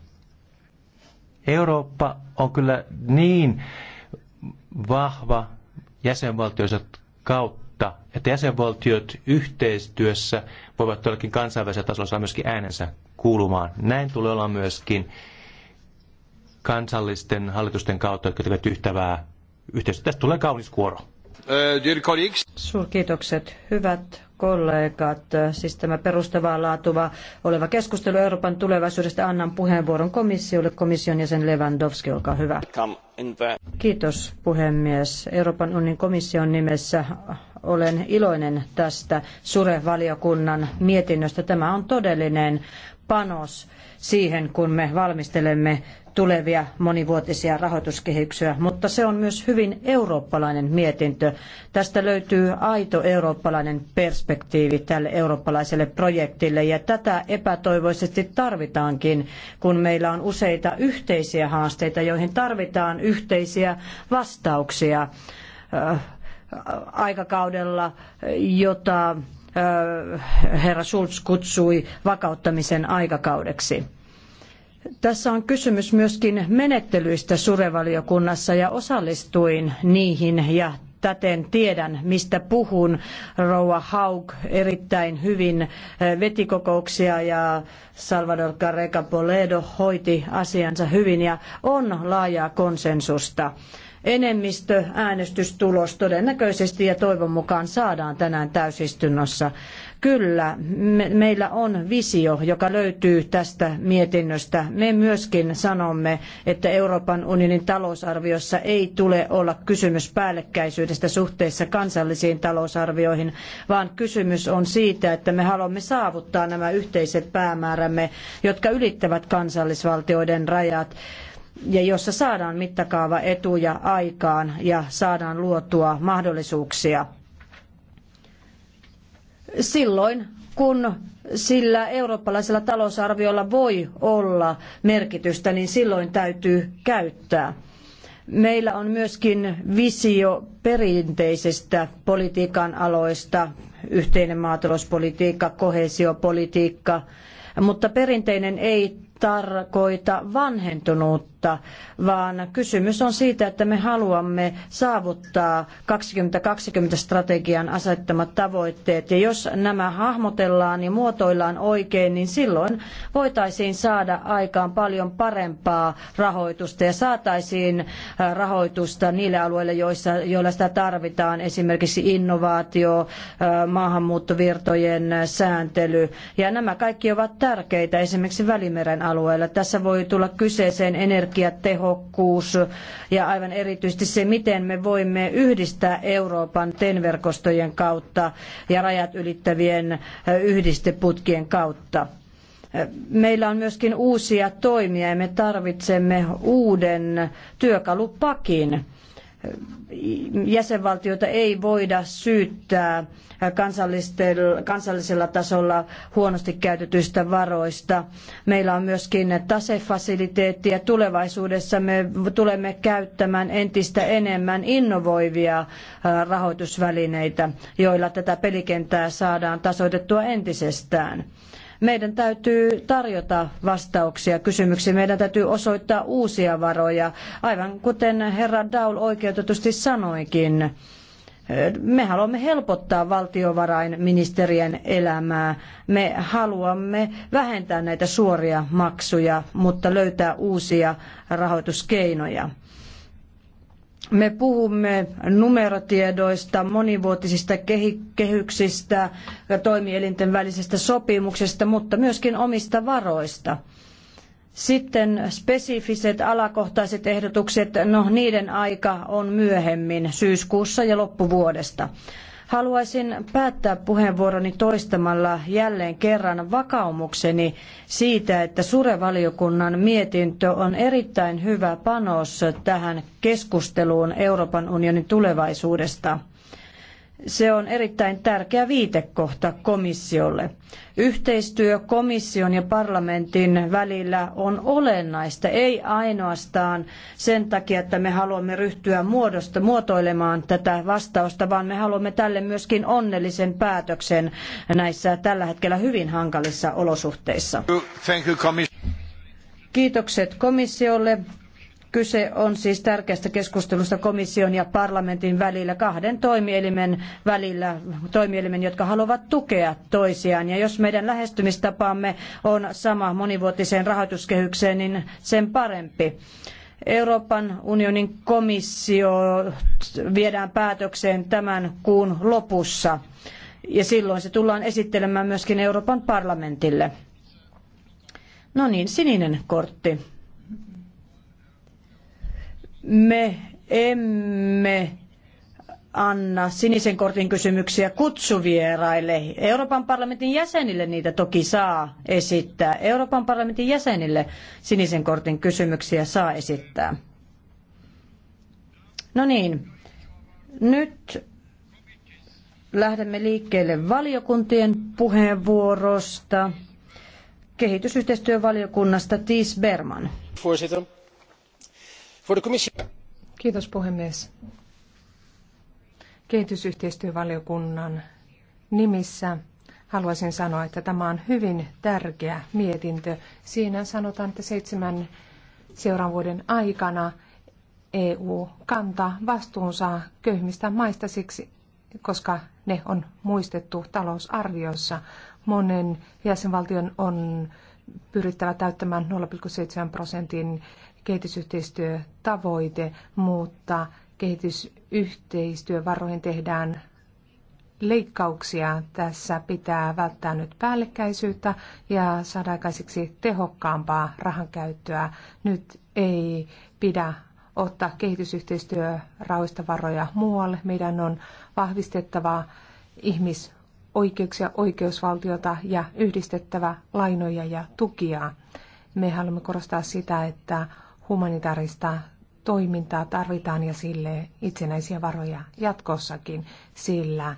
Eurooppa on kyllä niin vahva jäsenvaltioiset kautta, mutta että jäsenvaltiot yhteistyössä voivat todellakin kansainvälisellä tasolla saada myöskin äänensä kuulumaan. Näin tulee olla myöskin kansallisten hallitusten kautta, jotka tekevät yhtävää yhteistyötä. Tästä tulee kaunis kuoro. Äh, Suurkiitokset, hyvät kollegat. Siis tämä perustavaa laatuva oleva keskustelu Euroopan tulevaisuudesta. Annan puheenvuoron komissiolle. Komission jäsen Lewandowski, olkaa hyvä. Kiitos puhemies. Euroopan unionin komission nimessä olen iloinen tästä Sure-valiokunnan mietinnöstä. Tämä on todellinen panos siihen, kun me valmistelemme tulevia monivuotisia rahoituskehyksiä, mutta se on myös hyvin eurooppalainen mietintö. Tästä löytyy aito eurooppalainen perspektiivi tälle eurooppalaiselle projektille ja tätä epätoivoisesti tarvitaankin, kun meillä on useita yhteisiä haasteita, joihin tarvitaan yhteisiä vastauksia äh, aikakaudella, jota herra Schulz kutsui vakauttamisen aikakaudeksi. Tässä on kysymys myöskin menettelyistä surevaliokunnassa ja osallistuin niihin ja täten tiedän, mistä puhun. Rouva Haug erittäin hyvin veti kokouksia ja Salvador Carreca Poledo hoiti asiansa hyvin ja on laajaa konsensusta enemmistö äänestystulos todennäköisesti ja toivon mukaan saadaan tänään täysistunnossa. Kyllä, me, meillä on visio, joka löytyy tästä mietinnöstä. Me myöskin sanomme, että Euroopan unionin talousarviossa ei tule olla kysymys päällekkäisyydestä suhteessa kansallisiin talousarvioihin, vaan kysymys on siitä, että me haluamme saavuttaa nämä yhteiset päämäärämme, jotka ylittävät kansallisvaltioiden rajat ja jossa saadaan mittakaava etuja aikaan ja saadaan luotua mahdollisuuksia. Silloin kun sillä eurooppalaisella talousarviolla voi olla merkitystä, niin silloin täytyy käyttää. Meillä on myöskin visio perinteisestä politiikan aloista, yhteinen maatalouspolitiikka, koheesiopolitiikka, mutta perinteinen ei tarkoita vanhentunutta taloutta, vaan kysymys on siitä, että me haluamme saavuttaa 2020-strategian asettamat tavoitteet. Ja jos nämä hahmotellaan ja muotoillaan oikein, niin silloin voitaisiin saada aikaan paljon parempaa rahoitusta ja saataisiin äh, rahoitusta niille alueille, joissa, joilla sitä tarvitaan, esimerkiksi innovaatio, äh, maahanmuuttovirtojen sääntely. Ja nämä kaikki ovat tärkeitä esimerkiksi Välimeren alueella. Tässä voi tulla kyseeseen energia energiatehokkuus ja aivan erityisesti se, miten me voimme yhdistää Euroopan TEN-verkostojen kautta ja rajat ylittävien yhdisteputkien kautta. Meillä on myöskin uusia toimia ja me tarvitsemme uuden työkalupakin jäsenvaltioita ei voida syyttää kansallisella tasolla huonosti käytetyistä varoista. Meillä on myöskin tasefasiliteetti ja tulevaisuudessa me tulemme käyttämään entistä enemmän innovoivia äh, rahoitusvälineitä, joilla tätä pelikenttää saadaan tasoitettua entisestään. Meidän täytyy tarjota vastauksia kysymyksiin. Meidän täytyy osoittaa uusia varoja, aivan kuten herra Daul oikeutetusti sanoikin. Me haluamme helpottaa valtiovarainministerien elämää. Me haluamme vähentää näitä suoria maksuja, mutta löytää uusia rahoituskeinoja me puhumme numerotiedoista, monivuotisista kehyksistä, toimielinten välisestä sopimuksesta, mutta myöskin omista varoista. Sitten spesifiset alakohtaiset ehdotukset, no niiden aika on myöhemmin syyskuussa ja loppuvuodesta. Haluaisin päättää puheenvuoroni toistamalla jälleen kerran vakaumukseni siitä, että surevaliokunnan mietintö on erittäin hyvä panos tähän keskusteluun Euroopan unionin tulevaisuudesta. Se on erittäin tärkeä viitekohta komissiolle. Yhteistyö komission ja parlamentin välillä on olennaista, ei ainoastaan sen takia, että me haluamme ryhtyä muodosta muotoilemaan tätä vastausta, vaan me haluamme tälle myöskin onnellisen päätöksen näissä tällä hetkellä hyvin hankalissa olosuhteissa. Kiitokset komissiolle. Kyse on siis tärkeästä keskustelusta komission ja parlamentin välillä, kahden toimielimen välillä, toimielimen, jotka haluavat tukea toisiaan. Ja jos meidän lähestymistapaamme on sama monivuotiseen rahoituskehykseen, niin sen parempi. Euroopan unionin komissio viedään päätökseen tämän kuun lopussa ja silloin se tullaan esittelemään myöskin Euroopan parlamentille. No niin, sininen kortti me emme anna sinisen kortin kysymyksiä kutsuvieraille. Euroopan parlamentin jäsenille niitä toki saa esittää. Euroopan parlamentin jäsenille sinisen kortin kysymyksiä saa esittää. No niin, nyt lähdemme liikkeelle valiokuntien puheenvuorosta. Kehitysyhteistyövaliokunnasta Tiis Berman. Kiitos puhemies. Kehitysyhteistyövaliokunnan nimissä haluaisin sanoa, että tämä on hyvin tärkeä mietintö. Siinä sanotaan, että seitsemän seuraavan vuoden aikana EU kantaa vastuunsa köyhimmistä maista siksi, koska ne on muistettu talousarviossa. Monen jäsenvaltion on pyrittävä täyttämään 0,7 prosentin kehitysyhteistyötavoite, mutta kehitysyhteistyövaroihin tehdään leikkauksia. Tässä pitää välttää nyt päällekkäisyyttä ja saada aikaiseksi tehokkaampaa rahankäyttöä. Nyt ei pidä ottaa kehitysyhteistyörahoista varoja muualle. Meidän on vahvistettava ihmisoikeuksia, oikeusvaltiota ja yhdistettävä lainoja ja tukia. Me haluamme korostaa sitä, että humanitaarista toimintaa tarvitaan ja sille itsenäisiä varoja jatkossakin, sillä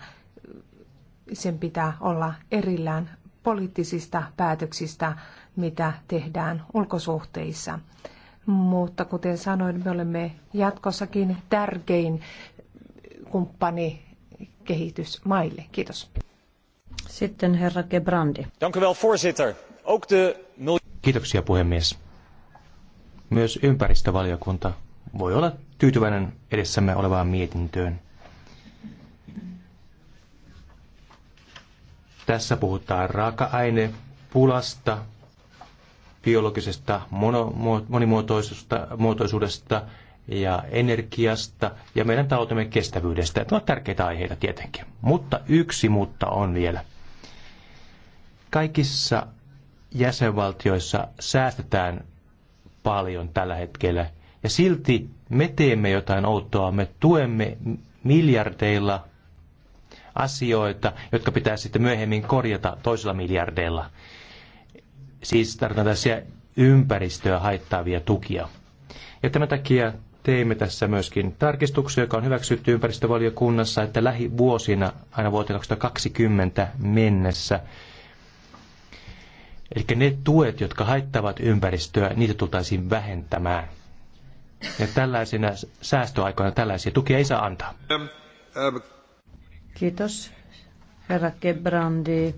sen pitää olla erillään poliittisista päätöksistä, mitä tehdään ulkosuhteissa. Mutta kuten sanoin, me olemme jatkossakin tärkein kumppani kehitysmaille. Kiitos. Sitten herra Gebrandi. Kiitoksia puhemies myös ympäristövaliokunta voi olla tyytyväinen edessämme olevaan mietintöön. Tässä puhutaan raaka-ainepulasta, biologisesta monimuotoisuudesta ja energiasta ja meidän taloutemme kestävyydestä. Tämä on tärkeitä aiheita tietenkin. Mutta yksi mutta on vielä. Kaikissa jäsenvaltioissa säästetään paljon tällä hetkellä. Ja silti me teemme jotain outoa, me tuemme miljardeilla asioita, jotka pitää sitten myöhemmin korjata toisilla miljardeilla. Siis tarkoitan tässä ympäristöä haittaavia tukia. Ja tämän takia teimme tässä myöskin tarkistuksia, joka on hyväksytty ympäristövaliokunnassa, että lähivuosina, aina vuoteen 2020 mennessä, Eli ne tuet, jotka haittavat ympäristöä, niitä tultaisiin vähentämään. Ja tällaisina säästöaikoina tällaisia tukia ei saa antaa. Kiitos, herra Gebrandi.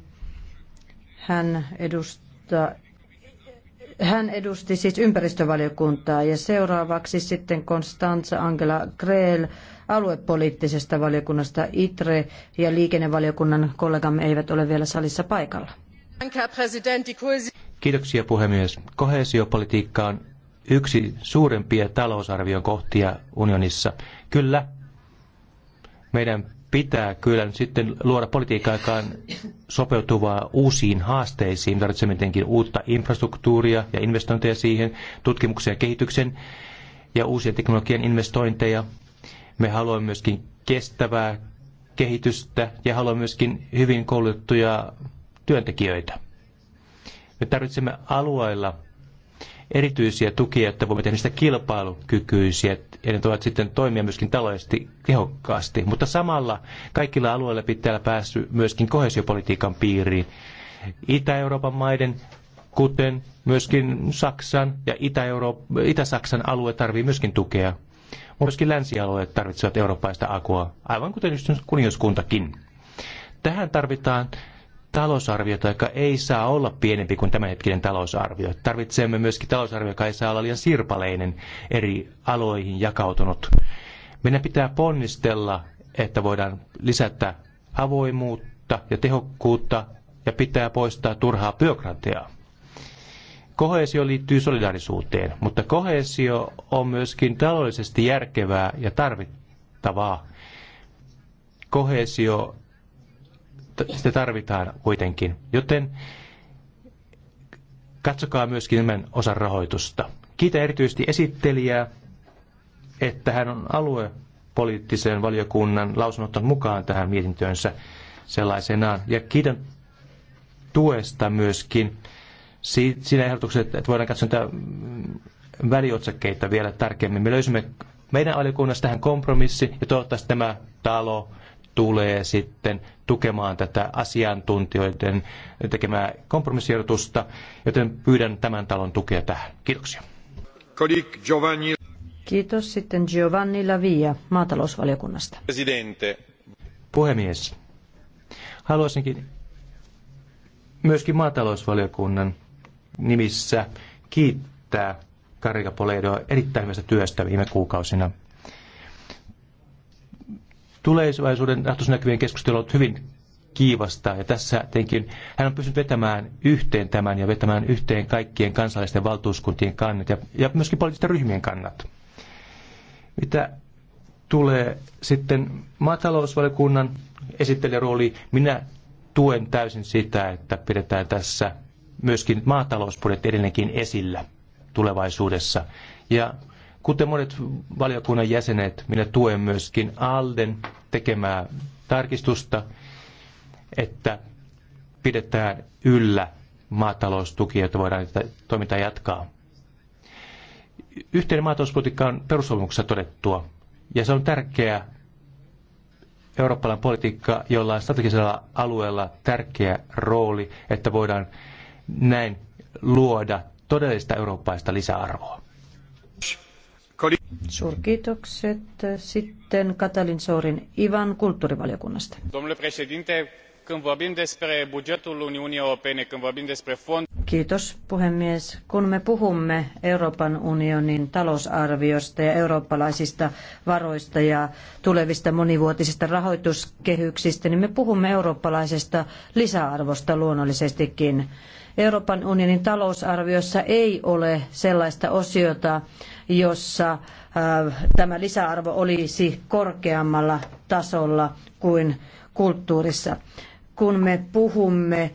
Hän edustaa hän edusti siis ympäristövaliokuntaa ja seuraavaksi sitten Konstanza Angela Kreel aluepoliittisesta valiokunnasta ITRE ja liikennevaliokunnan kollegamme eivät ole vielä salissa paikalla. Kiitoksia puhemies. Kohesiopolitiikka on yksi suurempia talousarvion kohtia unionissa. Kyllä, meidän pitää kyllä sitten luoda on sopeutuvaa uusiin haasteisiin. Tarvitsemme tietenkin uutta infrastruktuuria ja investointeja siihen, tutkimuksen ja kehityksen ja uusien teknologian investointeja. Me haluamme myöskin kestävää kehitystä ja haluamme myöskin hyvin koulutettuja työntekijöitä. Me tarvitsemme alueilla erityisiä tukia, että voimme tehdä niistä kilpailukykyisiä, ja ne voivat sitten toimia myöskin taloudellisesti tehokkaasti. Mutta samalla kaikilla alueilla pitää päästy myöskin kohesiopolitiikan piiriin. Itä-Euroopan maiden, kuten myöskin Saksan ja Itä-Saksan alue tarvii myöskin tukea. Myöskin länsialueet tarvitsevat eurooppaista akua, aivan kuten kuningaskuntakin. Tähän tarvitaan talousarviota, joka ei saa olla pienempi kuin tämänhetkinen talousarvio. Tarvitsemme myöskin talousarvio, joka ei saa olla liian sirpaleinen eri aloihin jakautunut. Meidän pitää ponnistella, että voidaan lisätä avoimuutta ja tehokkuutta ja pitää poistaa turhaa byrokratiaa. Kohesio liittyy solidaarisuuteen, mutta kohesio on myöskin taloudellisesti järkevää ja tarvittavaa. Kohesio sitä tarvitaan kuitenkin. Joten katsokaa myöskin tämän osan rahoitusta. Kiitä erityisesti esittelijää, että hän on aluepoliittisen valiokunnan lausunnot mukaan tähän mietintöönsä sellaisenaan. Ja kiitän tuesta myöskin siinä ehdotuksessa, että voidaan katsoa väliotsakkeita vielä tarkemmin. Me löysimme meidän valiokunnassa tähän kompromissi ja toivottavasti tämä talo tulee sitten tukemaan tätä asiantuntijoiden tekemää kompromissiehdotusta, joten pyydän tämän talon tukea tähän. Kiitoksia. Kiitos sitten Giovanni Lavia maatalousvaliokunnasta. Presidente. Puhemies, haluaisinkin myöskin maatalousvaliokunnan nimissä kiittää Karika Poleidoa erittäin hyvästä työstä viime kuukausina. Tulevaisuuden rahoitusnäkyvien keskustelu on hyvin kiivasta ja tässä tietenkin hän on pystynyt vetämään yhteen tämän ja vetämään yhteen kaikkien kansallisten valtuuskuntien kannat ja, ja myöskin poliittisten ryhmien kannat. Mitä tulee sitten maatalousvaliokunnan esittelijärooli, minä tuen täysin sitä, että pidetään tässä myöskin maatalousbudjetti edelleenkin esillä tulevaisuudessa. Ja Kuten monet valiokunnan jäsenet, minä tuen myöskin Alden tekemää tarkistusta, että pidetään yllä maataloustukia, että voidaan tätä toimintaa jatkaa. Yhteinen maatalouspolitiikka on perussopimuksessa todettua, ja se on tärkeä eurooppalainen politiikka, jolla on strategisella alueella tärkeä rooli, että voidaan näin luoda todellista eurooppaista lisäarvoa. Suurkiitokset. Sitten Katalin Ivan kulttuurivaliokunnasta. Domnule președinte, când vorbim despre bugetul Uniunii Europene, când vorbim despre Kiitos puhemies. Kun me puhumme Euroopan unionin talousarviosta ja eurooppalaisista varoista ja tulevista monivuotisista rahoituskehyksistä, niin me puhumme eurooppalaisesta lisäarvosta luonnollisestikin. Euroopan unionin talousarviossa ei ole sellaista osiota, jossa äh, tämä lisäarvo olisi korkeammalla tasolla kuin kulttuurissa. Kun me puhumme äh,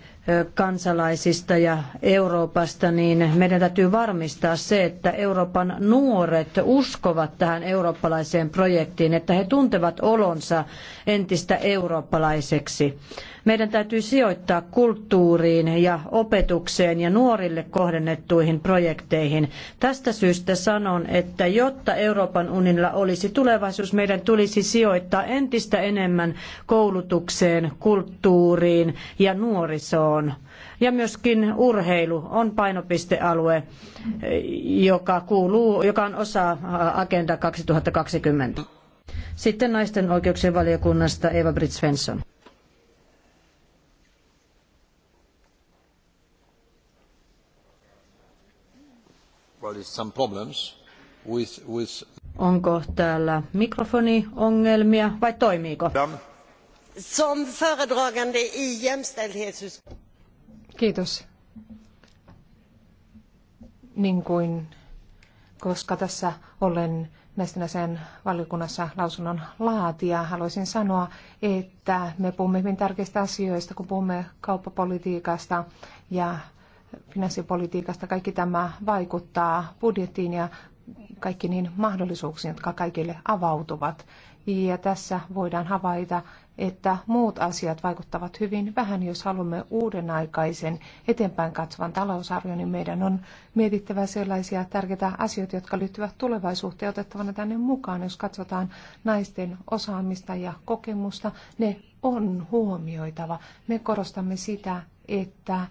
kansalaisista ja Euroopasta, niin meidän täytyy varmistaa se, että Euroopan nuoret uskovat tähän eurooppalaiseen projektiin, että he tuntevat olonsa entistä eurooppalaiseksi. Meidän täytyy sijoittaa kulttuuriin ja opetukseen ja nuorille kohdennettuihin projekteihin. Tästä syystä sanon, että jotta Euroopan unionilla olisi tulevaisuus, meidän tulisi sijoittaa entistä enemmän koulutukseen, kulttuuriin ja nuorisoon. Ja myöskin urheilu on painopistealue, joka, kuuluu, joka on osa Agenda 2020. Sitten naisten oikeuksien valiokunnasta Eva Britt Svensson. Onko täällä mikrofoniongelmia vai toimiiko? Som föredragande i Kiitos. Niin kuin, koska tässä olen naisten asian valiokunnassa lausunnon laatia. Haluaisin sanoa, että me puhumme hyvin tärkeistä asioista, kun puhumme kauppapolitiikasta ja finanssipolitiikasta. Kaikki tämä vaikuttaa budjettiin ja kaikki niin mahdollisuuksiin, jotka kaikille avautuvat. Ja tässä voidaan havaita, että muut asiat vaikuttavat hyvin vähän, jos haluamme uuden aikaisen eteenpäin katsovan talousarvion, niin meidän on mietittävä sellaisia tärkeitä asioita, jotka liittyvät tulevaisuuteen otettavana tänne mukaan. Jos katsotaan naisten osaamista ja kokemusta, ne on huomioitava. Me korostamme sitä, että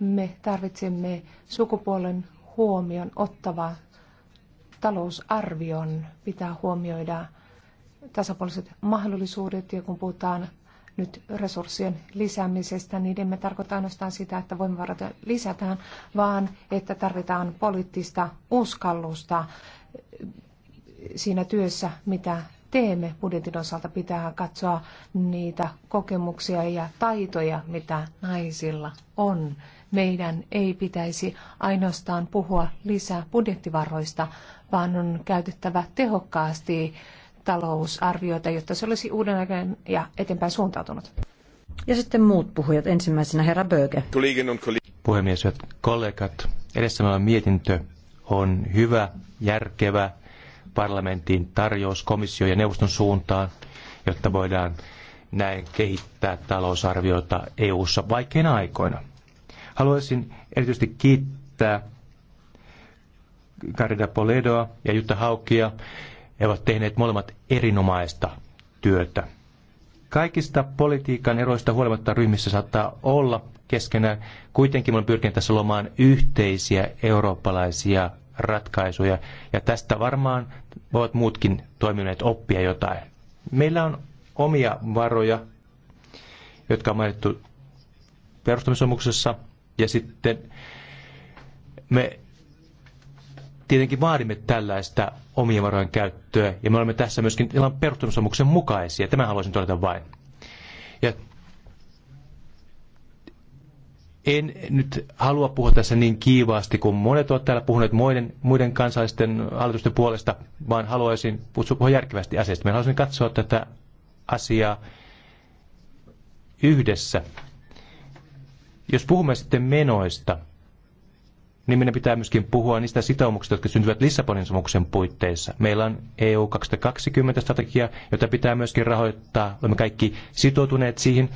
me tarvitsemme sukupuolen huomion ottava talousarvion. Pitää huomioida tasapuoliset mahdollisuudet ja kun puhutaan nyt resurssien lisäämisestä, niin emme tarkoita ainoastaan sitä, että voimavarat lisätään, vaan että tarvitaan poliittista uskallusta siinä työssä, mitä teemme budjetin osalta, pitää katsoa niitä kokemuksia ja taitoja, mitä naisilla on. Meidän ei pitäisi ainoastaan puhua lisää budjettivaroista, vaan on käytettävä tehokkaasti talousarvioita, jotta se olisi uuden aikainen ja eteenpäin suuntautunut. Ja sitten muut puhujat. Ensimmäisenä herra Böge. Puhemies, hyvät kollegat, edessämme mietintö on hyvä, järkevä parlamentin tarjous komission ja neuvoston suuntaan, jotta voidaan näin kehittää talousarviota EU-ssa vaikeina aikoina. Haluaisin erityisesti kiittää Karida Poledoa ja Jutta Haukia. He ovat tehneet molemmat erinomaista työtä. Kaikista politiikan eroista huolimatta ryhmissä saattaa olla keskenään. Kuitenkin olen pyrkinyt tässä luomaan yhteisiä eurooppalaisia ratkaisuja. Ja tästä varmaan voivat muutkin toimineet oppia jotain. Meillä on omia varoja, jotka on mainittu perustamisomuksessa, ja sitten me tietenkin vaadimme tällaista omien varojen käyttöä, ja me olemme tässä myöskin ilman perustamisomuksen mukaisia. Tämä haluaisin todeta vain. Ja en nyt halua puhua tässä niin kiivaasti, kuin monet ovat täällä puhuneet muiden, muiden kansallisten hallitusten puolesta, vaan haluaisin puhua järkevästi asiasta. Minä haluaisin katsoa tätä asiaa yhdessä. Jos puhumme sitten menoista, niin meidän pitää myöskin puhua niistä sitoumuksista, jotka syntyvät Lissabonin sopimuksen puitteissa. Meillä on EU 2020-strategia, jota pitää myöskin rahoittaa. Olemme kaikki sitoutuneet siihen.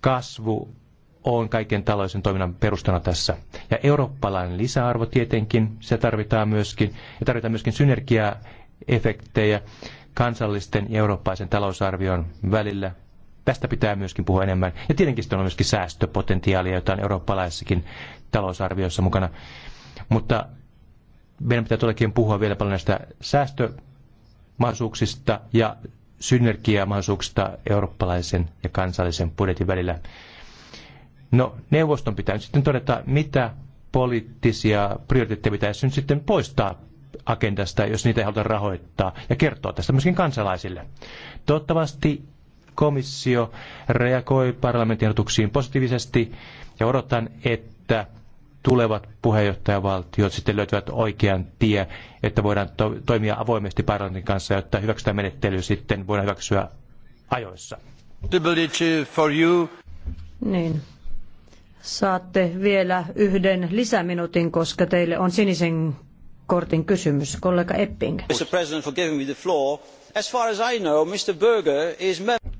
Kasvu on kaiken taloudellisen toiminnan perustana tässä. Ja eurooppalainen lisäarvo tietenkin, se tarvitaan myöskin, ja tarvitaan myöskin synergiaefektejä kansallisten ja eurooppaisen talousarvion välillä. Tästä pitää myöskin puhua enemmän. Ja tietenkin sitten on myöskin säästöpotentiaalia, jota on eurooppalaisessakin talousarviossa mukana. Mutta meidän pitää todellakin puhua vielä paljon näistä säästömahdollisuuksista ja synergiamahdollisuuksista eurooppalaisen ja kansallisen budjetin välillä. No, neuvoston pitää sitten todeta, mitä poliittisia prioriteetteja pitäisi nyt sitten poistaa agendasta, jos niitä ei haluta rahoittaa, ja kertoa tästä myöskin kansalaisille. Toivottavasti komissio reagoi parlamentin ehdotuksiin positiivisesti, ja odotan, että tulevat puheenjohtajavaltiot sitten löytävät oikean tie, että voidaan to- toimia avoimesti parlamentin kanssa, jotta hyväksytään menettely sitten voidaan hyväksyä ajoissa. For you. Niin, Saatte vielä yhden lisäminuutin, koska teille on sinisen kortin kysymys. Kollega Epping.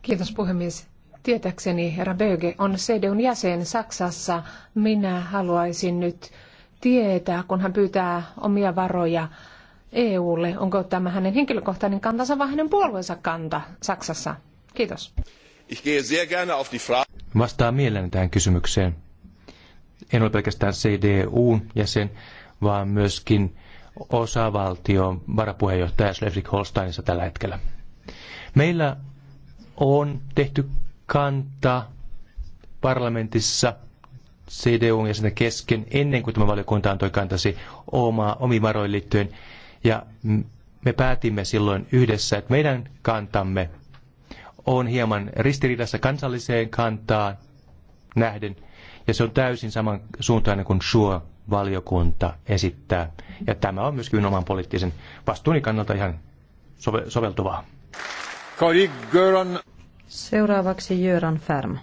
Kiitos puhemies. Tietäkseni herra Böge on CDUn jäsen Saksassa. Minä haluaisin nyt tietää, kun hän pyytää omia varoja EUlle, onko tämä hänen henkilökohtainen kantansa vai hänen puolueensa kanta Saksassa? Kiitos. Vastaa Vastaan mielelläni tähän kysymykseen en ole pelkästään CDU-jäsen, vaan myöskin osavaltion varapuheenjohtaja Schleswig-Holsteinissa tällä hetkellä. Meillä on tehty kanta parlamentissa CDUn ja kesken ennen kuin tämä valiokunta antoi kantasi omaa, omiin varoihin liittyen. Ja me päätimme silloin yhdessä, että meidän kantamme on hieman ristiriidassa kansalliseen kantaan nähden – ja se on täysin samansuuntainen kuin Suo-valiokunta esittää. Ja tämä on myöskin oman poliittisen vastuuni kannalta ihan sove- soveltuvaa. Seuraavaksi Göran Färm.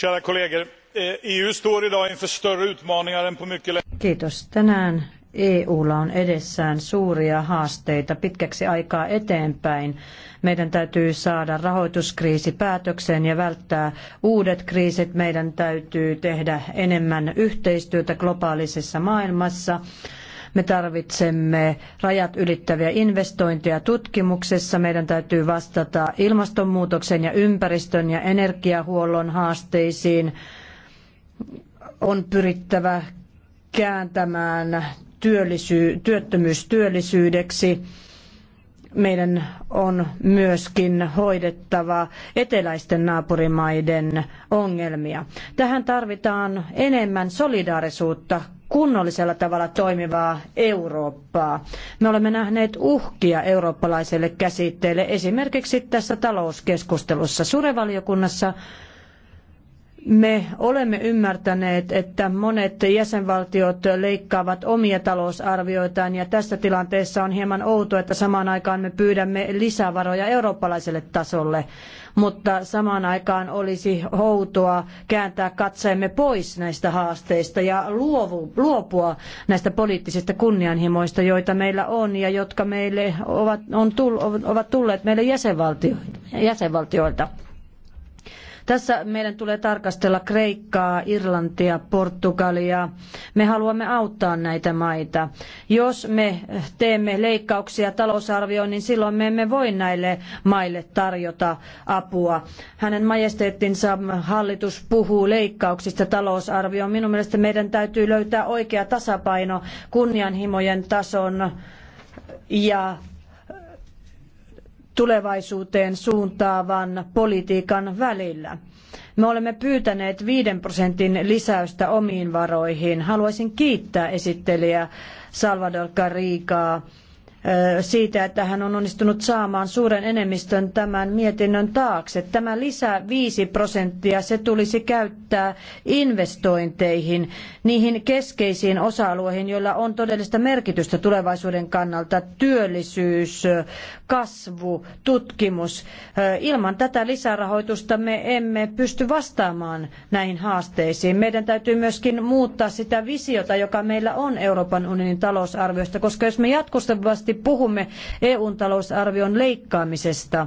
Kära kollegor, EU eh, e står idag inför större utmaningar än på mycket länge. Kiitos. Tänään EUlla on edessään suuria haasteita pitkäksi aikaa eteenpäin. Meidän täytyy saada rahoituskriisi päätökseen ja välttää uudet kriisit. Meidän täytyy tehdä enemmän yhteistyötä globaalisessa maailmassa. Me tarvitsemme rajat ylittäviä investointeja tutkimuksessa. Meidän täytyy vastata ilmastonmuutoksen ja ympäristön ja energiahuollon haasteisiin. On pyrittävä kääntämään työllisy- työttömyys työllisyydeksi. Meidän on myöskin hoidettava eteläisten naapurimaiden ongelmia. Tähän tarvitaan enemmän solidaarisuutta kunnollisella tavalla toimivaa Eurooppaa. Me olemme nähneet uhkia eurooppalaiselle käsitteelle esimerkiksi tässä talouskeskustelussa. suurevaliokunnassa. Me olemme ymmärtäneet, että monet jäsenvaltiot leikkaavat omia talousarvioitaan ja tässä tilanteessa on hieman outoa, että samaan aikaan me pyydämme lisävaroja eurooppalaiselle tasolle, mutta samaan aikaan olisi outoa kääntää katseemme pois näistä haasteista ja luopua näistä poliittisista kunnianhimoista, joita meillä on ja jotka meille ovat, on, ovat tulleet meille jäsenvaltioilta. Tässä meidän tulee tarkastella Kreikkaa, Irlantia, Portugalia. Me haluamme auttaa näitä maita. Jos me teemme leikkauksia talousarvioon, niin silloin me emme voi näille maille tarjota apua. Hänen majesteettinsa hallitus puhuu leikkauksista talousarvioon. Minun mielestä meidän täytyy löytää oikea tasapaino kunnianhimojen tason ja tulevaisuuteen suuntaavan politiikan välillä. Me olemme pyytäneet 5 prosentin lisäystä omiin varoihin. Haluaisin kiittää esittelijä Salvador Carrigaa siitä, että hän on onnistunut saamaan suuren enemmistön tämän mietinnön taakse. Tämä lisä viisi prosenttia, se tulisi käyttää investointeihin, niihin keskeisiin osa-alueihin, joilla on todellista merkitystä tulevaisuuden kannalta, työllisyys, kasvu, tutkimus. Ilman tätä lisärahoitusta me emme pysty vastaamaan näihin haasteisiin. Meidän täytyy myöskin muuttaa sitä visiota, joka meillä on Euroopan unionin talousarviosta, koska jos me jatkuvasti jatkuvasti puhumme EUn talousarvion leikkaamisesta.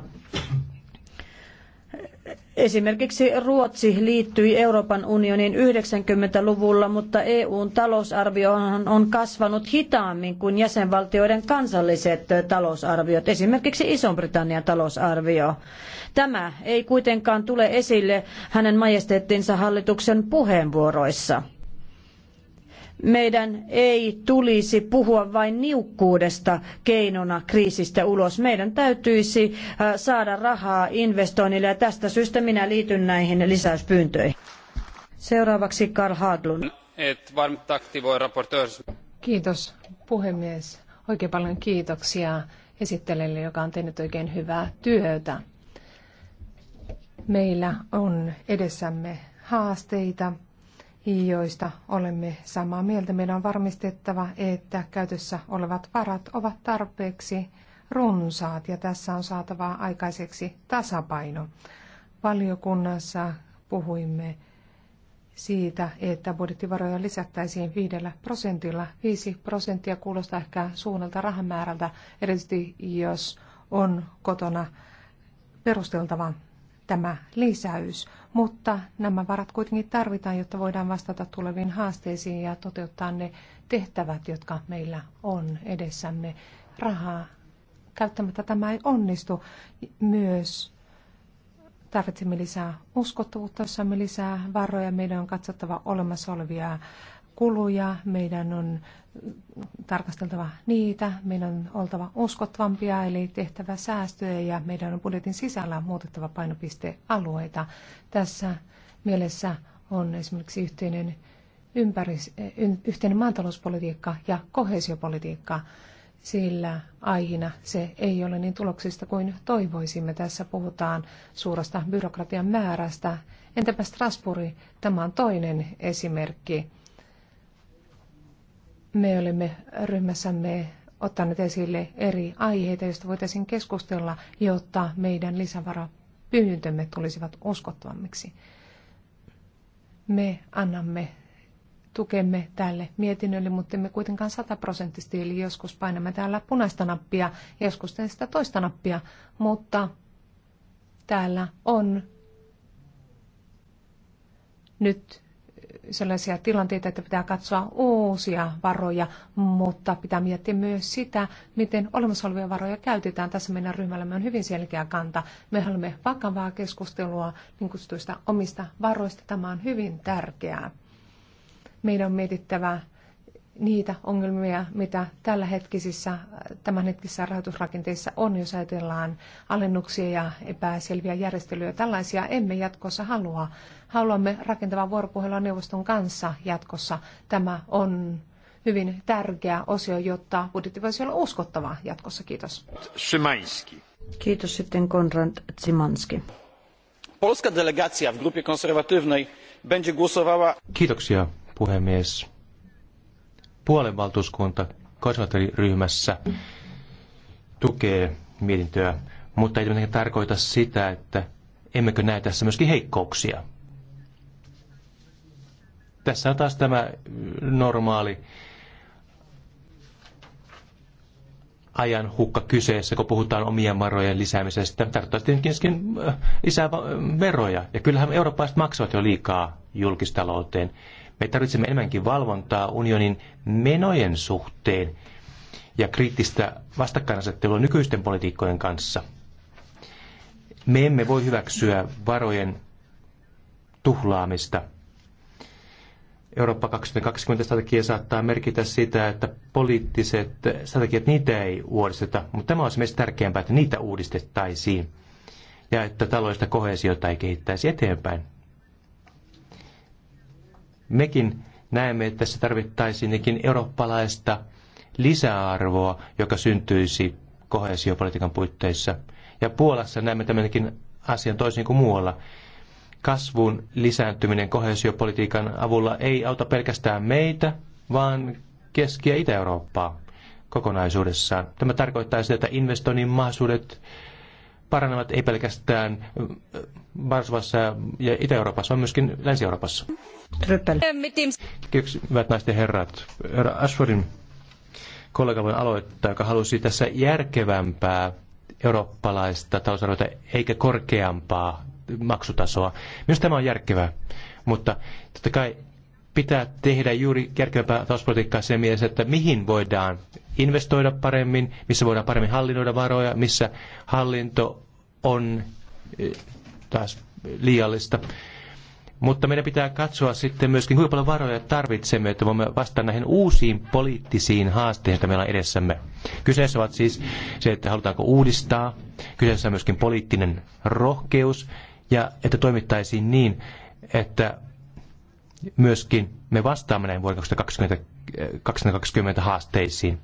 Esimerkiksi Ruotsi liittyi Euroopan unioniin 90-luvulla, mutta EUn talousarvio on kasvanut hitaammin kuin jäsenvaltioiden kansalliset talousarviot, esimerkiksi Iso-Britannian talousarvio. Tämä ei kuitenkaan tule esille hänen majesteettinsa hallituksen puheenvuoroissa. Meidän ei tulisi puhua vain niukkuudesta keinona kriisistä ulos. Meidän täytyisi äh, saada rahaa investoinnille ja tästä syystä minä liityn näihin lisäyspyyntöihin. Seuraavaksi Karl Haglund. Kiitos puhemies. Oikein paljon kiitoksia esittelijälle, joka on tehnyt oikein hyvää työtä. Meillä on edessämme haasteita joista olemme samaa mieltä. Meidän on varmistettava, että käytössä olevat varat ovat tarpeeksi runsaat ja tässä on saatava aikaiseksi tasapaino. Valiokunnassa puhuimme siitä, että budjettivaroja lisättäisiin viidellä prosentilla. Viisi prosenttia kuulostaa ehkä suunnalta rahamäärältä, erityisesti jos on kotona perusteltava tämä lisäys mutta nämä varat kuitenkin tarvitaan, jotta voidaan vastata tuleviin haasteisiin ja toteuttaa ne tehtävät, jotka meillä on edessämme. Rahaa käyttämättä tämä ei onnistu. Myös tarvitsemme lisää uskottavuutta, me lisää varoja. Meidän on katsottava olemassa olevia kuluja, meidän on tarkasteltava niitä, meidän on oltava uskottavampia, eli tehtävä säästöjä ja meidän on budjetin sisällä muutettava painopistealueita. Tässä mielessä on esimerkiksi yhteinen, ympäris, yhteinen maatalouspolitiikka ja kohesiopolitiikka, sillä aiheena se ei ole niin tuloksista kuin toivoisimme. Tässä puhutaan suuresta byrokratian määrästä. Entäpä Strasbourg? Tämä on toinen esimerkki me olemme ryhmässämme ottaneet esille eri aiheita, joista voitaisiin keskustella, jotta meidän lisävarapyyntömme tulisivat uskottavammiksi. Me annamme tukemme tälle mietinnölle, mutta emme kuitenkaan sataprosenttisesti, eli joskus painamme täällä punaista nappia, joskus sitä toista nappia, mutta täällä on nyt sellaisia tilanteita, että pitää katsoa uusia varoja, mutta pitää miettiä myös sitä, miten olemassa olevia varoja käytetään. Tässä meidän ryhmällämme on hyvin selkeä kanta. Me haluamme vakavaa keskustelua niin kutsutuista omista varoista. Tämä on hyvin tärkeää. Meidän on mietittävä niitä ongelmia, mitä tällä hetkisissä, hetkisissä rahoitusrakenteissa on, jos ajatellaan alennuksia ja epäselviä järjestelyjä. Tällaisia emme jatkossa halua. Haluamme rakentavan vuoropuhelua neuvoston kanssa jatkossa. Tämä on hyvin tärkeä osio, jotta budjetti voisi olla uskottava jatkossa. Kiitos. Szymański. Kiitos sitten Konrad Zimanski. Polska delegacja w grupie konserwatywnej będzie głosowała... Kiitoksia puhemies puolen valtuuskunta konservatiiviryhmässä tukee mietintöä, mutta ei tietenkään tarkoita sitä, että emmekö näe tässä myöskin heikkouksia. Tässä on taas tämä normaali ajan hukka kyseessä, kun puhutaan omien varojen lisäämisestä. Tarkoittaa tietenkin äh, lisää äh, veroja. Ja kyllähän eurooppalaiset maksavat jo liikaa julkistalouteen. Me tarvitsemme enemmänkin valvontaa unionin menojen suhteen ja kriittistä vastakkainasettelua nykyisten politiikkojen kanssa. Me emme voi hyväksyä varojen tuhlaamista. Eurooppa 2020 strategia saattaa merkitä sitä, että poliittiset strategiat, niitä ei uudisteta, mutta tämä olisi meistä tärkeämpää, että niitä uudistettaisiin ja että taloudellista kohesiota ei kehittäisi eteenpäin mekin näemme, että tässä tarvittaisiin eurooppalaista lisäarvoa, joka syntyisi kohesiopolitiikan puitteissa. Ja Puolassa näemme tämänkin asian toisin kuin muualla. Kasvun lisääntyminen kohesiopolitiikan avulla ei auta pelkästään meitä, vaan Keski- ja Itä-Eurooppaa kokonaisuudessaan. Tämä tarkoittaa sitä, että investoinnin mahdollisuudet paranevat ei pelkästään äh, Varsovassa ja Itä-Euroopassa, vaan myöskin Länsi-Euroopassa. Kiitos, hyvät naiset ja herrat. Herra Ashfordin kollega voi aloittaa, joka halusi tässä järkevämpää eurooppalaista talousarvoita, eikä korkeampaa maksutasoa. Myös tämä on järkevää, mutta totta kai pitää tehdä juuri järkevämpää talouspolitiikkaa siinä mielessä, että mihin voidaan investoida paremmin, missä voidaan paremmin hallinnoida varoja, missä hallinto on eh, taas liiallista. Mutta meidän pitää katsoa sitten myöskin, kuinka paljon varoja tarvitsemme, että voimme vastata näihin uusiin poliittisiin haasteisiin, joita meillä on edessämme. Kyseessä ovat siis se, että halutaanko uudistaa, kyseessä on myöskin poliittinen rohkeus, ja että toimittaisiin niin, että myöskin me vastaamme näin vuoden 2020, 2020 haasteisiin.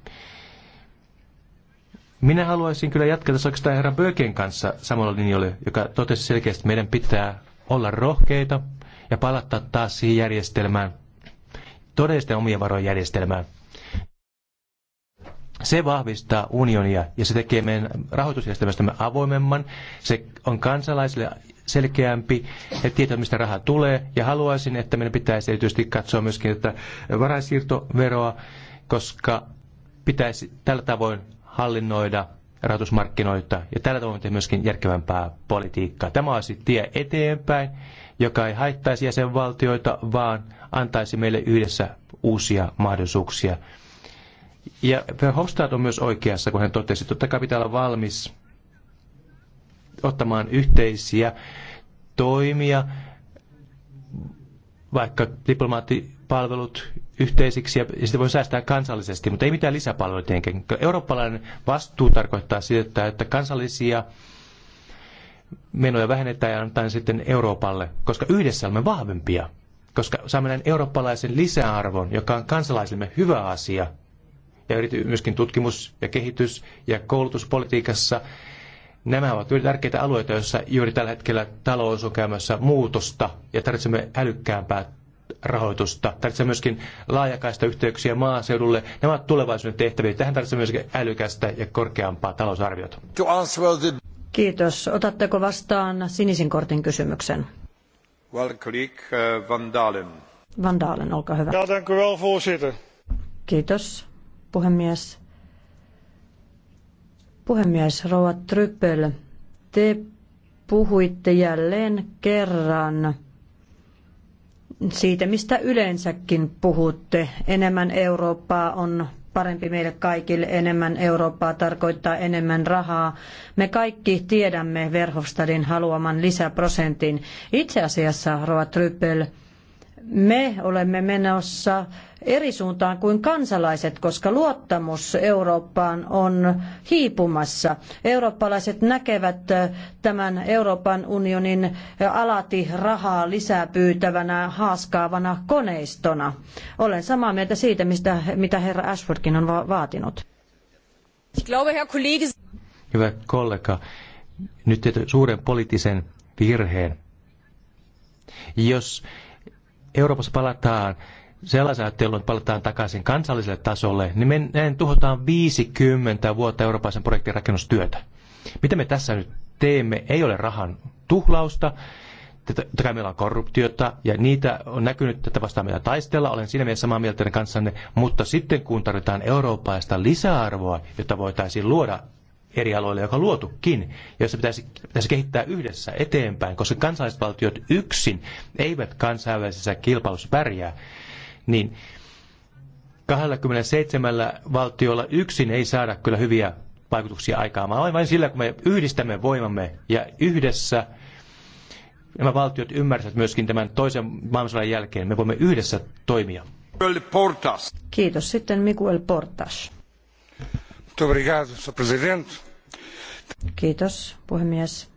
Minä haluaisin kyllä jatkaa tässä oikeastaan herra Böken kanssa samalla linjalla, joka totesi selkeästi, että meidän pitää olla rohkeita ja palata taas siihen järjestelmään, todellisten omien varojen järjestelmään. Se vahvistaa unionia ja se tekee meidän rahoitusjärjestelmästämme avoimemman. Se on kansalaisille selkeämpi ja tietää, mistä raha tulee. Ja haluaisin, että meidän pitäisi erityisesti katsoa myöskin että varainsiirtoveroa, koska pitäisi tällä tavoin hallinnoida rahoitusmarkkinoita ja tällä tavoin tehdä myöskin järkevämpää politiikkaa. Tämä olisi tie eteenpäin, joka ei haittaisi jäsenvaltioita, vaan antaisi meille yhdessä uusia mahdollisuuksia. Ja Verhofstadt on myös oikeassa, kun hän totesi, että totta kai pitää olla valmis ottamaan yhteisiä toimia, vaikka diplomaattipalvelut yhteisiksi ja sitä voi säästää kansallisesti, mutta ei mitään lisäpalveluja tietenkään. Eurooppalainen vastuu tarkoittaa sitä, että kansallisia menoja vähennetään ja annetaan sitten Euroopalle, koska yhdessä olemme vahvempia, koska saamme näin eurooppalaisen lisäarvon, joka on kansalaisillemme hyvä asia. Ja myöskin tutkimus ja kehitys ja koulutuspolitiikassa Nämä ovat tärkeitä alueita, joissa juuri tällä hetkellä talous on käymässä muutosta ja tarvitsemme älykkäämpää rahoitusta. Tarvitsemme myöskin laajakaista yhteyksiä maaseudulle. Nämä ovat tulevaisuuden tehtäviä. Tähän tarvitsemme myöskin älykästä ja korkeampaa talousarviota. Kiitos. Otatteko vastaan sinisen kortin kysymyksen? Well, uh, Van Dalen. Van Dalen, olkaa hyvä. Ja, Kiitos, puhemies. Puhemies Rouva Tryppel, te puhuitte jälleen kerran siitä, mistä yleensäkin puhutte. Enemmän Eurooppaa on parempi meille kaikille, enemmän Eurooppaa tarkoittaa enemmän rahaa. Me kaikki tiedämme Verhofstadin haluaman lisäprosentin. Itse asiassa, Roa Tryppel, me olemme menossa eri suuntaan kuin kansalaiset, koska luottamus Eurooppaan on hiipumassa. Eurooppalaiset näkevät tämän Euroopan unionin alati rahaa lisää pyytävänä haaskaavana koneistona. Olen samaa mieltä siitä, mistä, mitä herra Ashfordkin on va- vaatinut. Hyvä kollega, nyt teet suuren poliittisen virheen. Jos Euroopassa palataan sellaisen ajattelun, palataan takaisin kansalliselle tasolle, niin me näin tuhotaan 50 vuotta eurooppalaisen projektin rakennustyötä. Mitä me tässä nyt teemme? Ei ole rahan tuhlausta, totta kai meillä on korruptiota ja niitä on näkynyt, että vastaan meillä taistella. Olen siinä mielessä samaa mieltä kanssanne, mutta sitten kun tarvitaan eurooppalaista lisäarvoa, jota voitaisiin luoda eri aloille, joka on luotukin, jossa pitäisi, pitäisi kehittää yhdessä eteenpäin, koska kansallisvaltiot yksin eivät kansainvälisessä kilpailussa pärjää, niin 27 valtiolla yksin ei saada kyllä hyviä vaikutuksia aikaan, vaan vain sillä, kun me yhdistämme voimamme ja yhdessä nämä valtiot ymmärsivät myöskin tämän toisen maailmansodan jälkeen, me voimme yhdessä toimia. Kiitos. Sitten Miguel Portas. Kiitos, puhemies.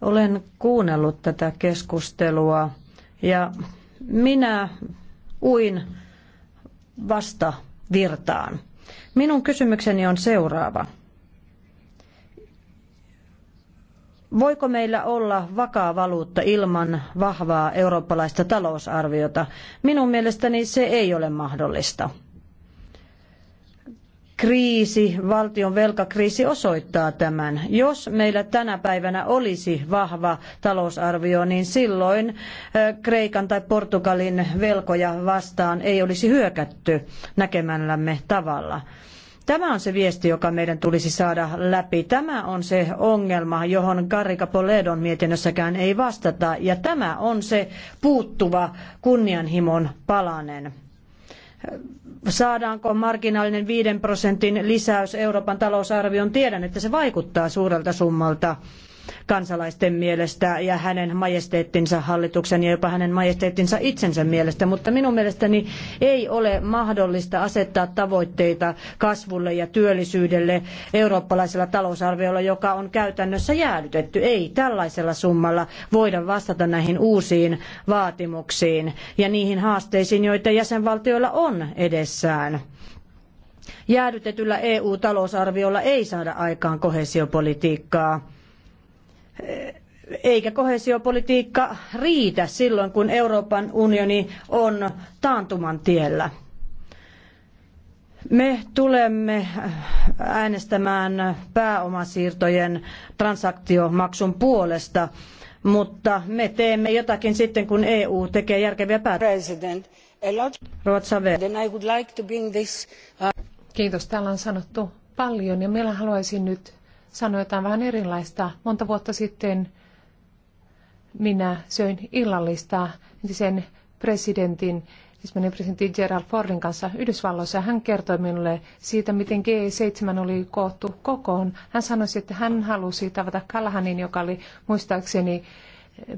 Olen kuunnellut tätä keskustelua ja minä uin vasta virtaan. Minun kysymykseni on seuraava. Voiko meillä olla vakaa valuutta ilman vahvaa eurooppalaista talousarviota? Minun mielestäni se ei ole mahdollista kriisi, valtion velkakriisi osoittaa tämän. Jos meillä tänä päivänä olisi vahva talousarvio, niin silloin Kreikan tai Portugalin velkoja vastaan ei olisi hyökätty näkemällämme tavalla. Tämä on se viesti, joka meidän tulisi saada läpi. Tämä on se ongelma, johon Karika Poledon mietinnössäkään ei vastata. Ja tämä on se puuttuva kunnianhimon palanen saadaanko marginaalinen viiden prosentin lisäys Euroopan talousarvioon. Tiedän, että se vaikuttaa suurelta summalta kansalaisten mielestä ja hänen majesteettinsa hallituksen ja jopa hänen majesteettinsa itsensä mielestä, mutta minun mielestäni ei ole mahdollista asettaa tavoitteita kasvulle ja työllisyydelle eurooppalaisella talousarviolla, joka on käytännössä jäädytetty. Ei tällaisella summalla voida vastata näihin uusiin vaatimuksiin ja niihin haasteisiin, joita jäsenvaltioilla on edessään. Jäädytetyllä EU-talousarviolla ei saada aikaan koheesiopolitiikkaa eikä kohesiopolitiikka riitä silloin, kun Euroopan unioni on taantuman tiellä. Me tulemme äänestämään pääomasiirtojen transaktiomaksun puolesta, mutta me teemme jotakin sitten, kun EU tekee järkeviä päätöksiä. Uh, Kiitos. Täällä on sanottu paljon ja minä haluaisin nyt sanoa jotain vähän erilaista. Monta vuotta sitten minä söin illallista entisen presidentin Lisbonin presidentti Gerald Fordin kanssa Yhdysvalloissa. Hän kertoi minulle siitä, miten G7 oli koottu kokoon. Hän sanoi, että hän halusi tavata Callahanin, joka oli muistaakseni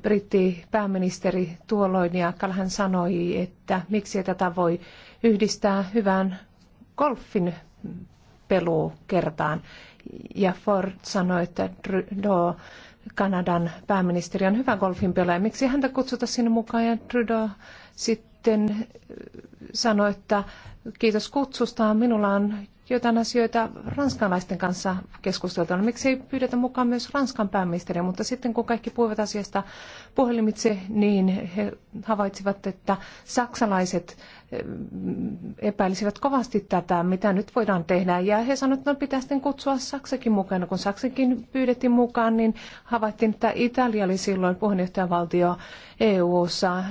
britti pääministeri tuolloin, ja Callahan sanoi, että miksi tätä voi yhdistää hyvään golfin peluukertaan. Ja Ford sanoi, että no, Kanadan pääministeri on hyvä golfin pelaaja. Miksi häntä kutsuta sinne mukaan? Ja Trudeau sitten äh, sanoi, että kiitos kutsusta. Minulla on joitain asioita ranskalaisten kanssa keskusteltuna. Miksi ei pyydetä mukaan myös Ranskan pääministeriä? Mutta sitten kun kaikki puhuivat asiasta puhelimitse, niin he havaitsivat, että saksalaiset epäilisivät kovasti tätä, mitä nyt voidaan tehdä. Ja he sanoivat, että no pitää sitten kutsua Saksakin mukana. Kun Saksakin pyydettiin mukaan, niin havaittiin, että Italia oli silloin puheenjohtajavaltio EU-ssa.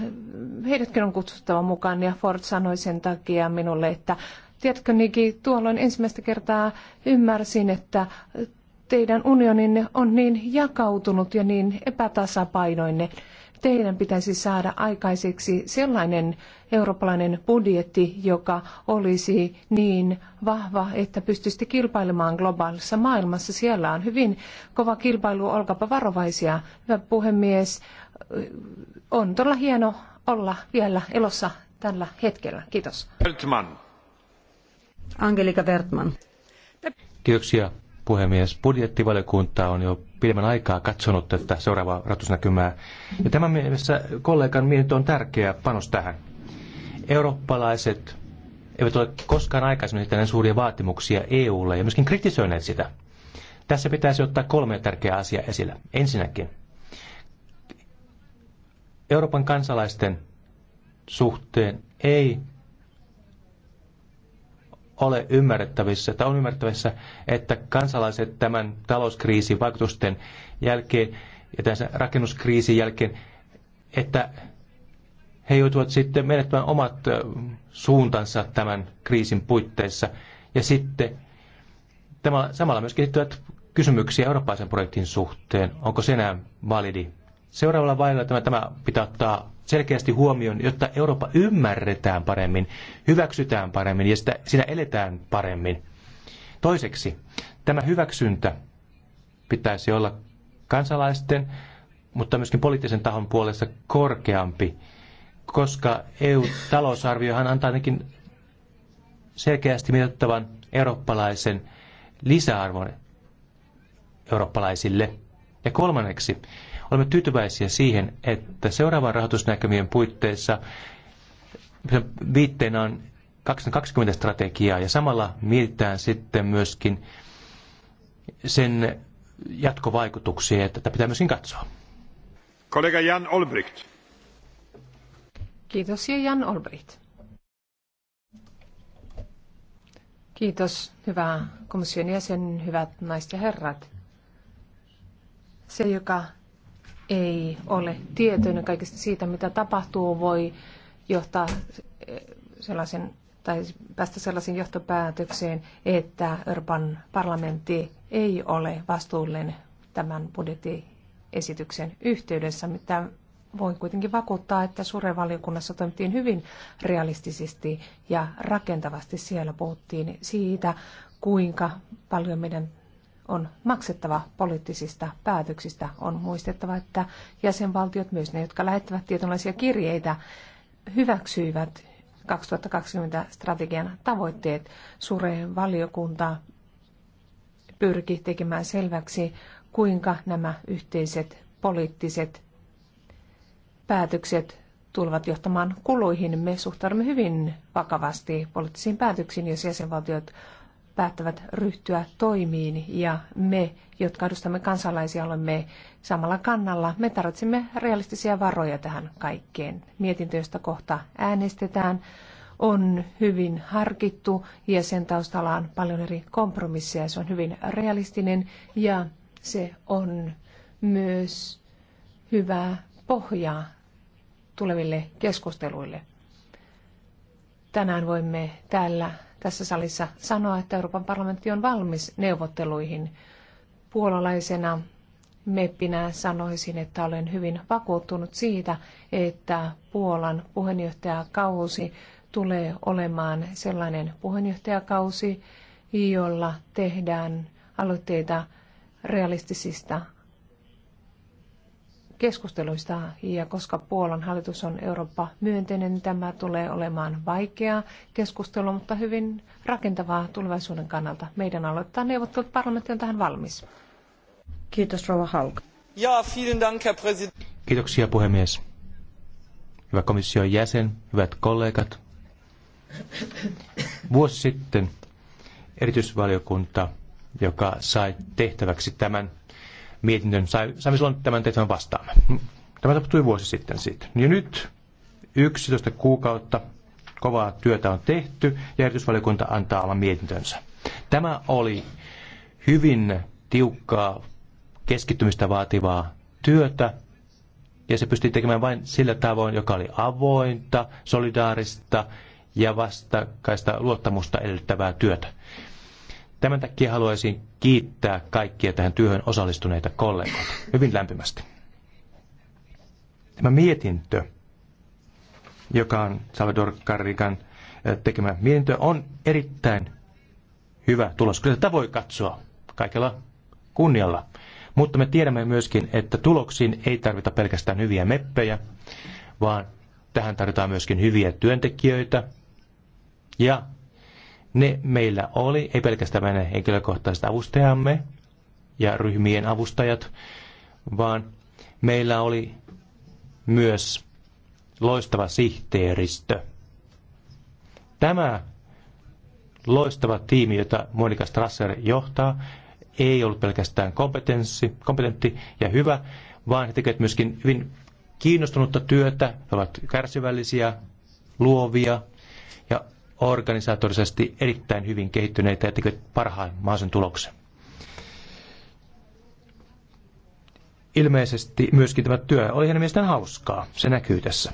Heidätkin on kutsuttava mukaan ja Ford sanoi sen takia minulle, että tiedätkö Niki, tuolloin ensimmäistä kertaa ymmärsin, että teidän unioninne on niin jakautunut ja niin epätasapainoinen teidän pitäisi saada aikaiseksi sellainen eurooppalainen budjetti, joka olisi niin vahva, että pystyisitte kilpailemaan globaalissa maailmassa. Siellä on hyvin kova kilpailu, olkapa varovaisia. Hyvä puhemies, on todella hieno olla vielä elossa tällä hetkellä. Kiitos. Bertman. Angelika Bertman. Kiitoksia puhemies. Budjettivaliokunta on jo pidemmän aikaa katsonut tätä seuraavaa ratusnäkymää. Ja tämän mielessä kollegan mietintö on tärkeä panos tähän. Eurooppalaiset eivät ole koskaan aikaisemmin esittäneet suuria vaatimuksia EUlle ja myöskin kritisoineet sitä. Tässä pitäisi ottaa kolme tärkeää asiaa esille. Ensinnäkin, Euroopan kansalaisten suhteen ei ole ymmärrettävissä, tai on ymmärrettävissä, että kansalaiset tämän talouskriisin vaikutusten jälkeen ja tämän rakennuskriisin jälkeen, että he joutuvat sitten menettämään omat suuntansa tämän kriisin puitteissa. Ja sitten tämä, samalla myös kehittyvät kysymyksiä eurooppalaisen projektin suhteen. Onko se enää validi? Seuraavalla vaiheella tämä, tämä pitää ottaa selkeästi huomioon, jotta Eurooppa ymmärretään paremmin, hyväksytään paremmin ja sitä, siinä eletään paremmin. Toiseksi, tämä hyväksyntä pitäisi olla kansalaisten, mutta myöskin poliittisen tahon puolesta korkeampi, koska EU-talousarviohan antaa ainakin selkeästi mitattavan eurooppalaisen lisäarvon eurooppalaisille. Ja kolmanneksi, Olemme tyytyväisiä siihen, että seuraavan rahoitusnäkymien puitteissa viitteenä on 2020 strategiaa ja samalla mietitään sitten myöskin sen jatkovaikutuksia, että tätä pitää myöskin katsoa. Kollega Jan Olbricht. Kiitos ja Jan Olbricht. Kiitos, hyvä komission jäsen, hyvät naiset ja herrat. Se, joka ei ole tietoinen kaikesta siitä, mitä tapahtuu, voi johtaa eh, sellaisen tai siis päästä sellaisen johtopäätökseen, että Euroopan parlamentti ei ole vastuullinen tämän budjettiesityksen yhteydessä, mitä voin kuitenkin vakuuttaa, että suuren valiokunnassa toimittiin hyvin realistisesti ja rakentavasti. Siellä puhuttiin siitä, kuinka paljon meidän on maksettava poliittisista päätöksistä. On muistettava, että jäsenvaltiot, myös ne, jotka lähettävät tietynlaisia kirjeitä, hyväksyivät 2020 strategian tavoitteet. Suureen valiokunta pyrki tekemään selväksi, kuinka nämä yhteiset poliittiset päätökset tulevat johtamaan kuluihin. Me suhtaudumme hyvin vakavasti poliittisiin päätöksiin, jos jäsenvaltiot päättävät ryhtyä toimiin ja me, jotka edustamme kansalaisia, olemme samalla kannalla. Me tarvitsemme realistisia varoja tähän kaikkeen. Mietintö, josta kohta äänestetään, on hyvin harkittu ja sen taustalla on paljon eri kompromisseja. Se on hyvin realistinen ja se on myös hyvää pohjaa tuleville keskusteluille. Tänään voimme täällä tässä salissa sanoa, että Euroopan parlamentti on valmis neuvotteluihin. Puolalaisena meppinä sanoisin, että olen hyvin vakuuttunut siitä, että Puolan puheenjohtajakausi tulee olemaan sellainen puheenjohtajakausi, jolla tehdään aloitteita realistisista keskusteluista ja koska Puolan hallitus on Eurooppa-myönteinen, tämä tulee olemaan vaikea keskustelu, mutta hyvin rakentavaa tulevaisuuden kannalta. Meidän aloittaa neuvottelut parlamentti on tähän valmis. Kiitos Rova Haug. Ja, dank, Herr Kiitoksia puhemies. Hyvä komission jäsen, hyvät kollegat. Vuosi sitten erityisvaliokunta, joka sai tehtäväksi tämän mietinnön. Saimme silloin tämän tehtävän vastaamme. Tämä tapahtui vuosi sitten siitä. Ja nyt 11 kuukautta kovaa työtä on tehty ja erityisvaliokunta antaa oman mietintönsä. Tämä oli hyvin tiukkaa keskittymistä vaativaa työtä ja se pystyi tekemään vain sillä tavoin, joka oli avointa, solidaarista ja vastakkaista luottamusta edellyttävää työtä. Tämän takia haluaisin kiittää kaikkia tähän työhön osallistuneita kollegoita hyvin lämpimästi. Tämä mietintö, joka on Salvador Carrigan eh, tekemä mietintö, on erittäin hyvä tulos. Kyllä tätä voi katsoa kaikella kunnialla. Mutta me tiedämme myöskin, että tuloksiin ei tarvita pelkästään hyviä meppejä, vaan tähän tarvitaan myöskin hyviä työntekijöitä ja ne meillä oli, ei pelkästään meidän henkilökohtaiset avustajamme ja ryhmien avustajat, vaan meillä oli myös loistava sihteeristö. Tämä loistava tiimi, jota Monika Strasser johtaa, ei ollut pelkästään kompetenssi, kompetentti ja hyvä, vaan he tekevät myöskin hyvin kiinnostunutta työtä, he ovat kärsivällisiä, luovia ja organisaatorisesti erittäin hyvin kehittyneitä ja tekevät parhaan mahdollisen tuloksen. Ilmeisesti myöskin tämä työ oli hänen mielestään hauskaa. Se näkyy tässä.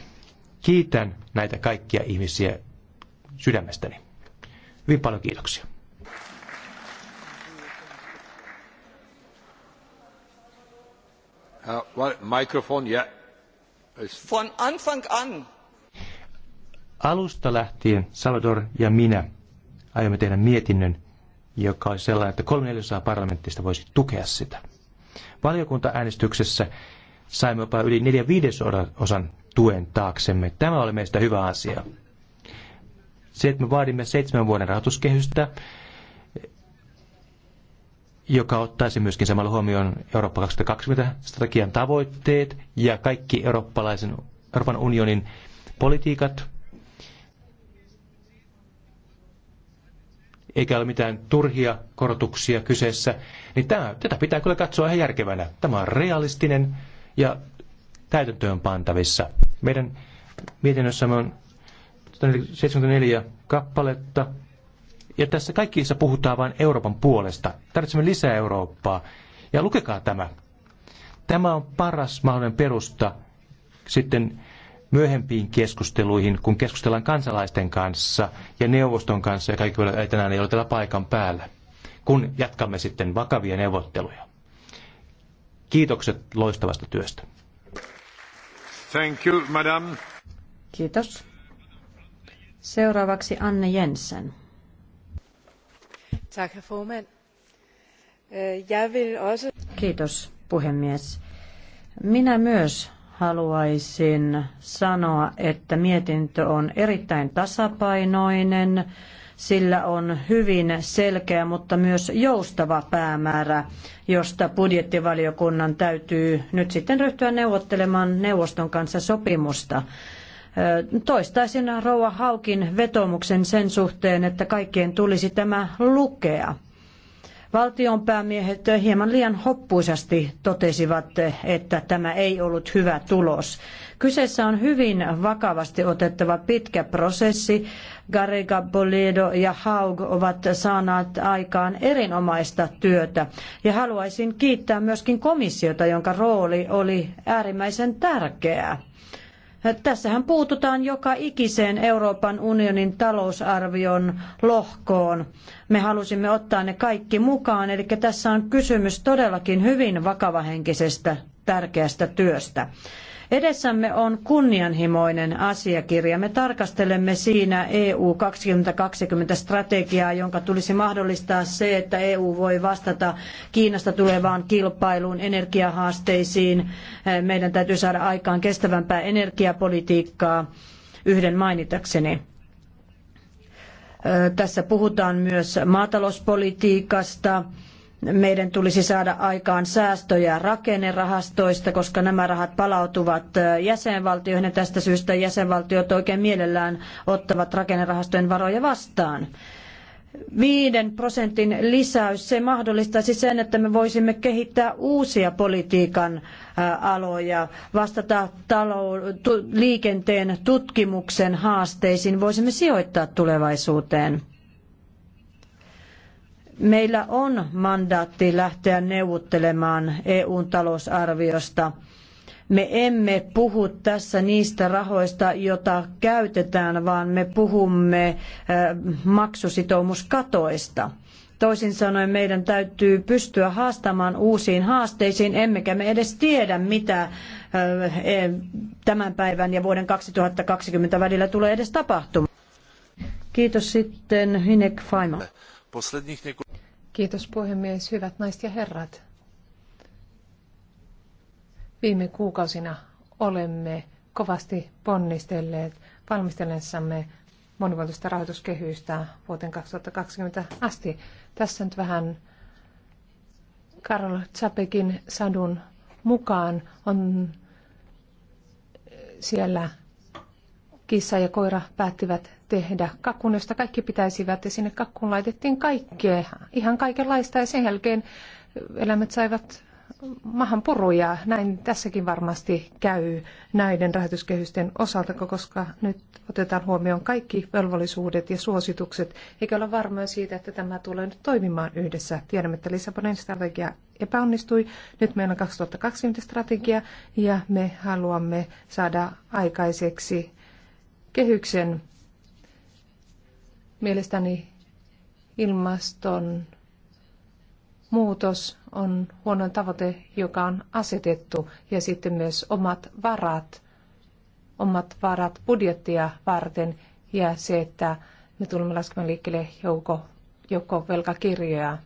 Kiitän näitä kaikkia ihmisiä sydämestäni. Hyvin paljon kiitoksia. Uh, microphone, yeah. Von Anfang an Alusta lähtien Salvador ja minä aiomme tehdä mietinnön, joka on sellainen, että kolme neljäsosaa parlamentista voisi tukea sitä. Valiokuntaäänestyksessä saimme jopa yli neljä viidesosan tuen taaksemme. Tämä oli meistä hyvä asia. Se, että me vaadimme seitsemän vuoden rahoituskehystä, joka ottaisi myöskin samalla huomioon Eurooppa 2020-strategian tavoitteet ja kaikki eurooppalaisen, Euroopan unionin politiikat, eikä ole mitään turhia korotuksia kyseessä, niin tämä, tätä pitää kyllä katsoa ihan järkevänä. Tämä on realistinen ja täytäntöön pantavissa. Meidän mietinnössämme on 74 kappaletta, ja tässä kaikissa puhutaan vain Euroopan puolesta. Tarvitsemme lisää Eurooppaa. Ja lukekaa tämä. Tämä on paras mahdollinen perusta sitten myöhempiin keskusteluihin, kun keskustellaan kansalaisten kanssa ja neuvoston kanssa, ja kaikki ei tänään ei ole täällä paikan päällä, kun jatkamme sitten vakavia neuvotteluja. Kiitokset loistavasta työstä. Thank you, madam. Kiitos. Seuraavaksi Anne Jensen. Tack, øh, Kiitos, puhemies. Minä myös haluaisin sanoa, että mietintö on erittäin tasapainoinen. Sillä on hyvin selkeä, mutta myös joustava päämäärä, josta budjettivaliokunnan täytyy nyt sitten ryhtyä neuvottelemaan neuvoston kanssa sopimusta. Toistaisin Rouva Haukin vetomuksen sen suhteen, että kaikkien tulisi tämä lukea. Valtionpäämiehet hieman liian hoppuisasti totesivat, että tämä ei ollut hyvä tulos. Kyseessä on hyvin vakavasti otettava pitkä prosessi. Garriga, Boledo ja Haug ovat saaneet aikaan erinomaista työtä. Ja haluaisin kiittää myöskin komissiota, jonka rooli oli äärimmäisen tärkeä. Tässähän puututaan joka ikiseen Euroopan unionin talousarvion lohkoon me halusimme ottaa ne kaikki mukaan. Eli tässä on kysymys todellakin hyvin vakavahenkisestä tärkeästä työstä. Edessämme on kunnianhimoinen asiakirja. Me tarkastelemme siinä EU 2020 strategiaa, jonka tulisi mahdollistaa se, että EU voi vastata Kiinasta tulevaan kilpailuun, energiahaasteisiin. Meidän täytyy saada aikaan kestävämpää energiapolitiikkaa yhden mainitakseni. Tässä puhutaan myös maatalouspolitiikasta. Meidän tulisi saada aikaan säästöjä rakennerahastoista, koska nämä rahat palautuvat jäsenvaltioihin ja tästä syystä jäsenvaltiot oikein mielellään ottavat rakennerahastojen varoja vastaan viiden prosentin lisäys, se mahdollistaisi sen, että me voisimme kehittää uusia politiikan aloja, vastata liikenteen tutkimuksen haasteisiin, voisimme sijoittaa tulevaisuuteen. Meillä on mandaatti lähteä neuvottelemaan EUn talousarviosta – me emme puhu tässä niistä rahoista, joita käytetään, vaan me puhumme äh, maksusitoumuskatoista. Toisin sanoen meidän täytyy pystyä haastamaan uusiin haasteisiin, emmekä me edes tiedä, mitä äh, e, tämän päivän ja vuoden 2020 välillä tulee edes tapahtumaan. Kiitos sitten Hinek Faima. Kiitos puhemies, hyvät naiset ja herrat. Viime kuukausina olemme kovasti ponnistelleet valmistellessamme monivuotista rahoituskehystä vuoteen 2020 asti. Tässä nyt vähän Karol Zapekin sadun mukaan on siellä kissa ja koira päättivät tehdä kakkun, josta kaikki pitäisivät ja sinne kakkuun laitettiin kaikkea, ihan kaikenlaista ja sen jälkeen eläimet saivat puruja Näin tässäkin varmasti käy näiden rahoituskehysten osalta, koska nyt otetaan huomioon kaikki velvollisuudet ja suositukset, eikä olla varmoja siitä, että tämä tulee nyt toimimaan yhdessä. Tiedämme, että Lissabonin strategia epäonnistui. Nyt meillä on 2020 strategia ja me haluamme saada aikaiseksi kehyksen mielestäni ilmaston muutos on huonoin tavoite, joka on asetettu, ja sitten myös omat varat, omat varat budjettia varten, ja se, että me tulemme laskemaan liikkeelle joukko, velkakirjoja,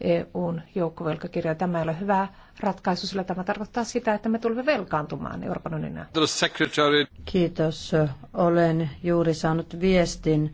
EUn joukkovelkakirjoja. Tämä ei ole hyvä ratkaisu, sillä tämä tarkoittaa sitä, että me tulemme velkaantumaan Euroopan unionina. Kiitos. Olen juuri saanut viestin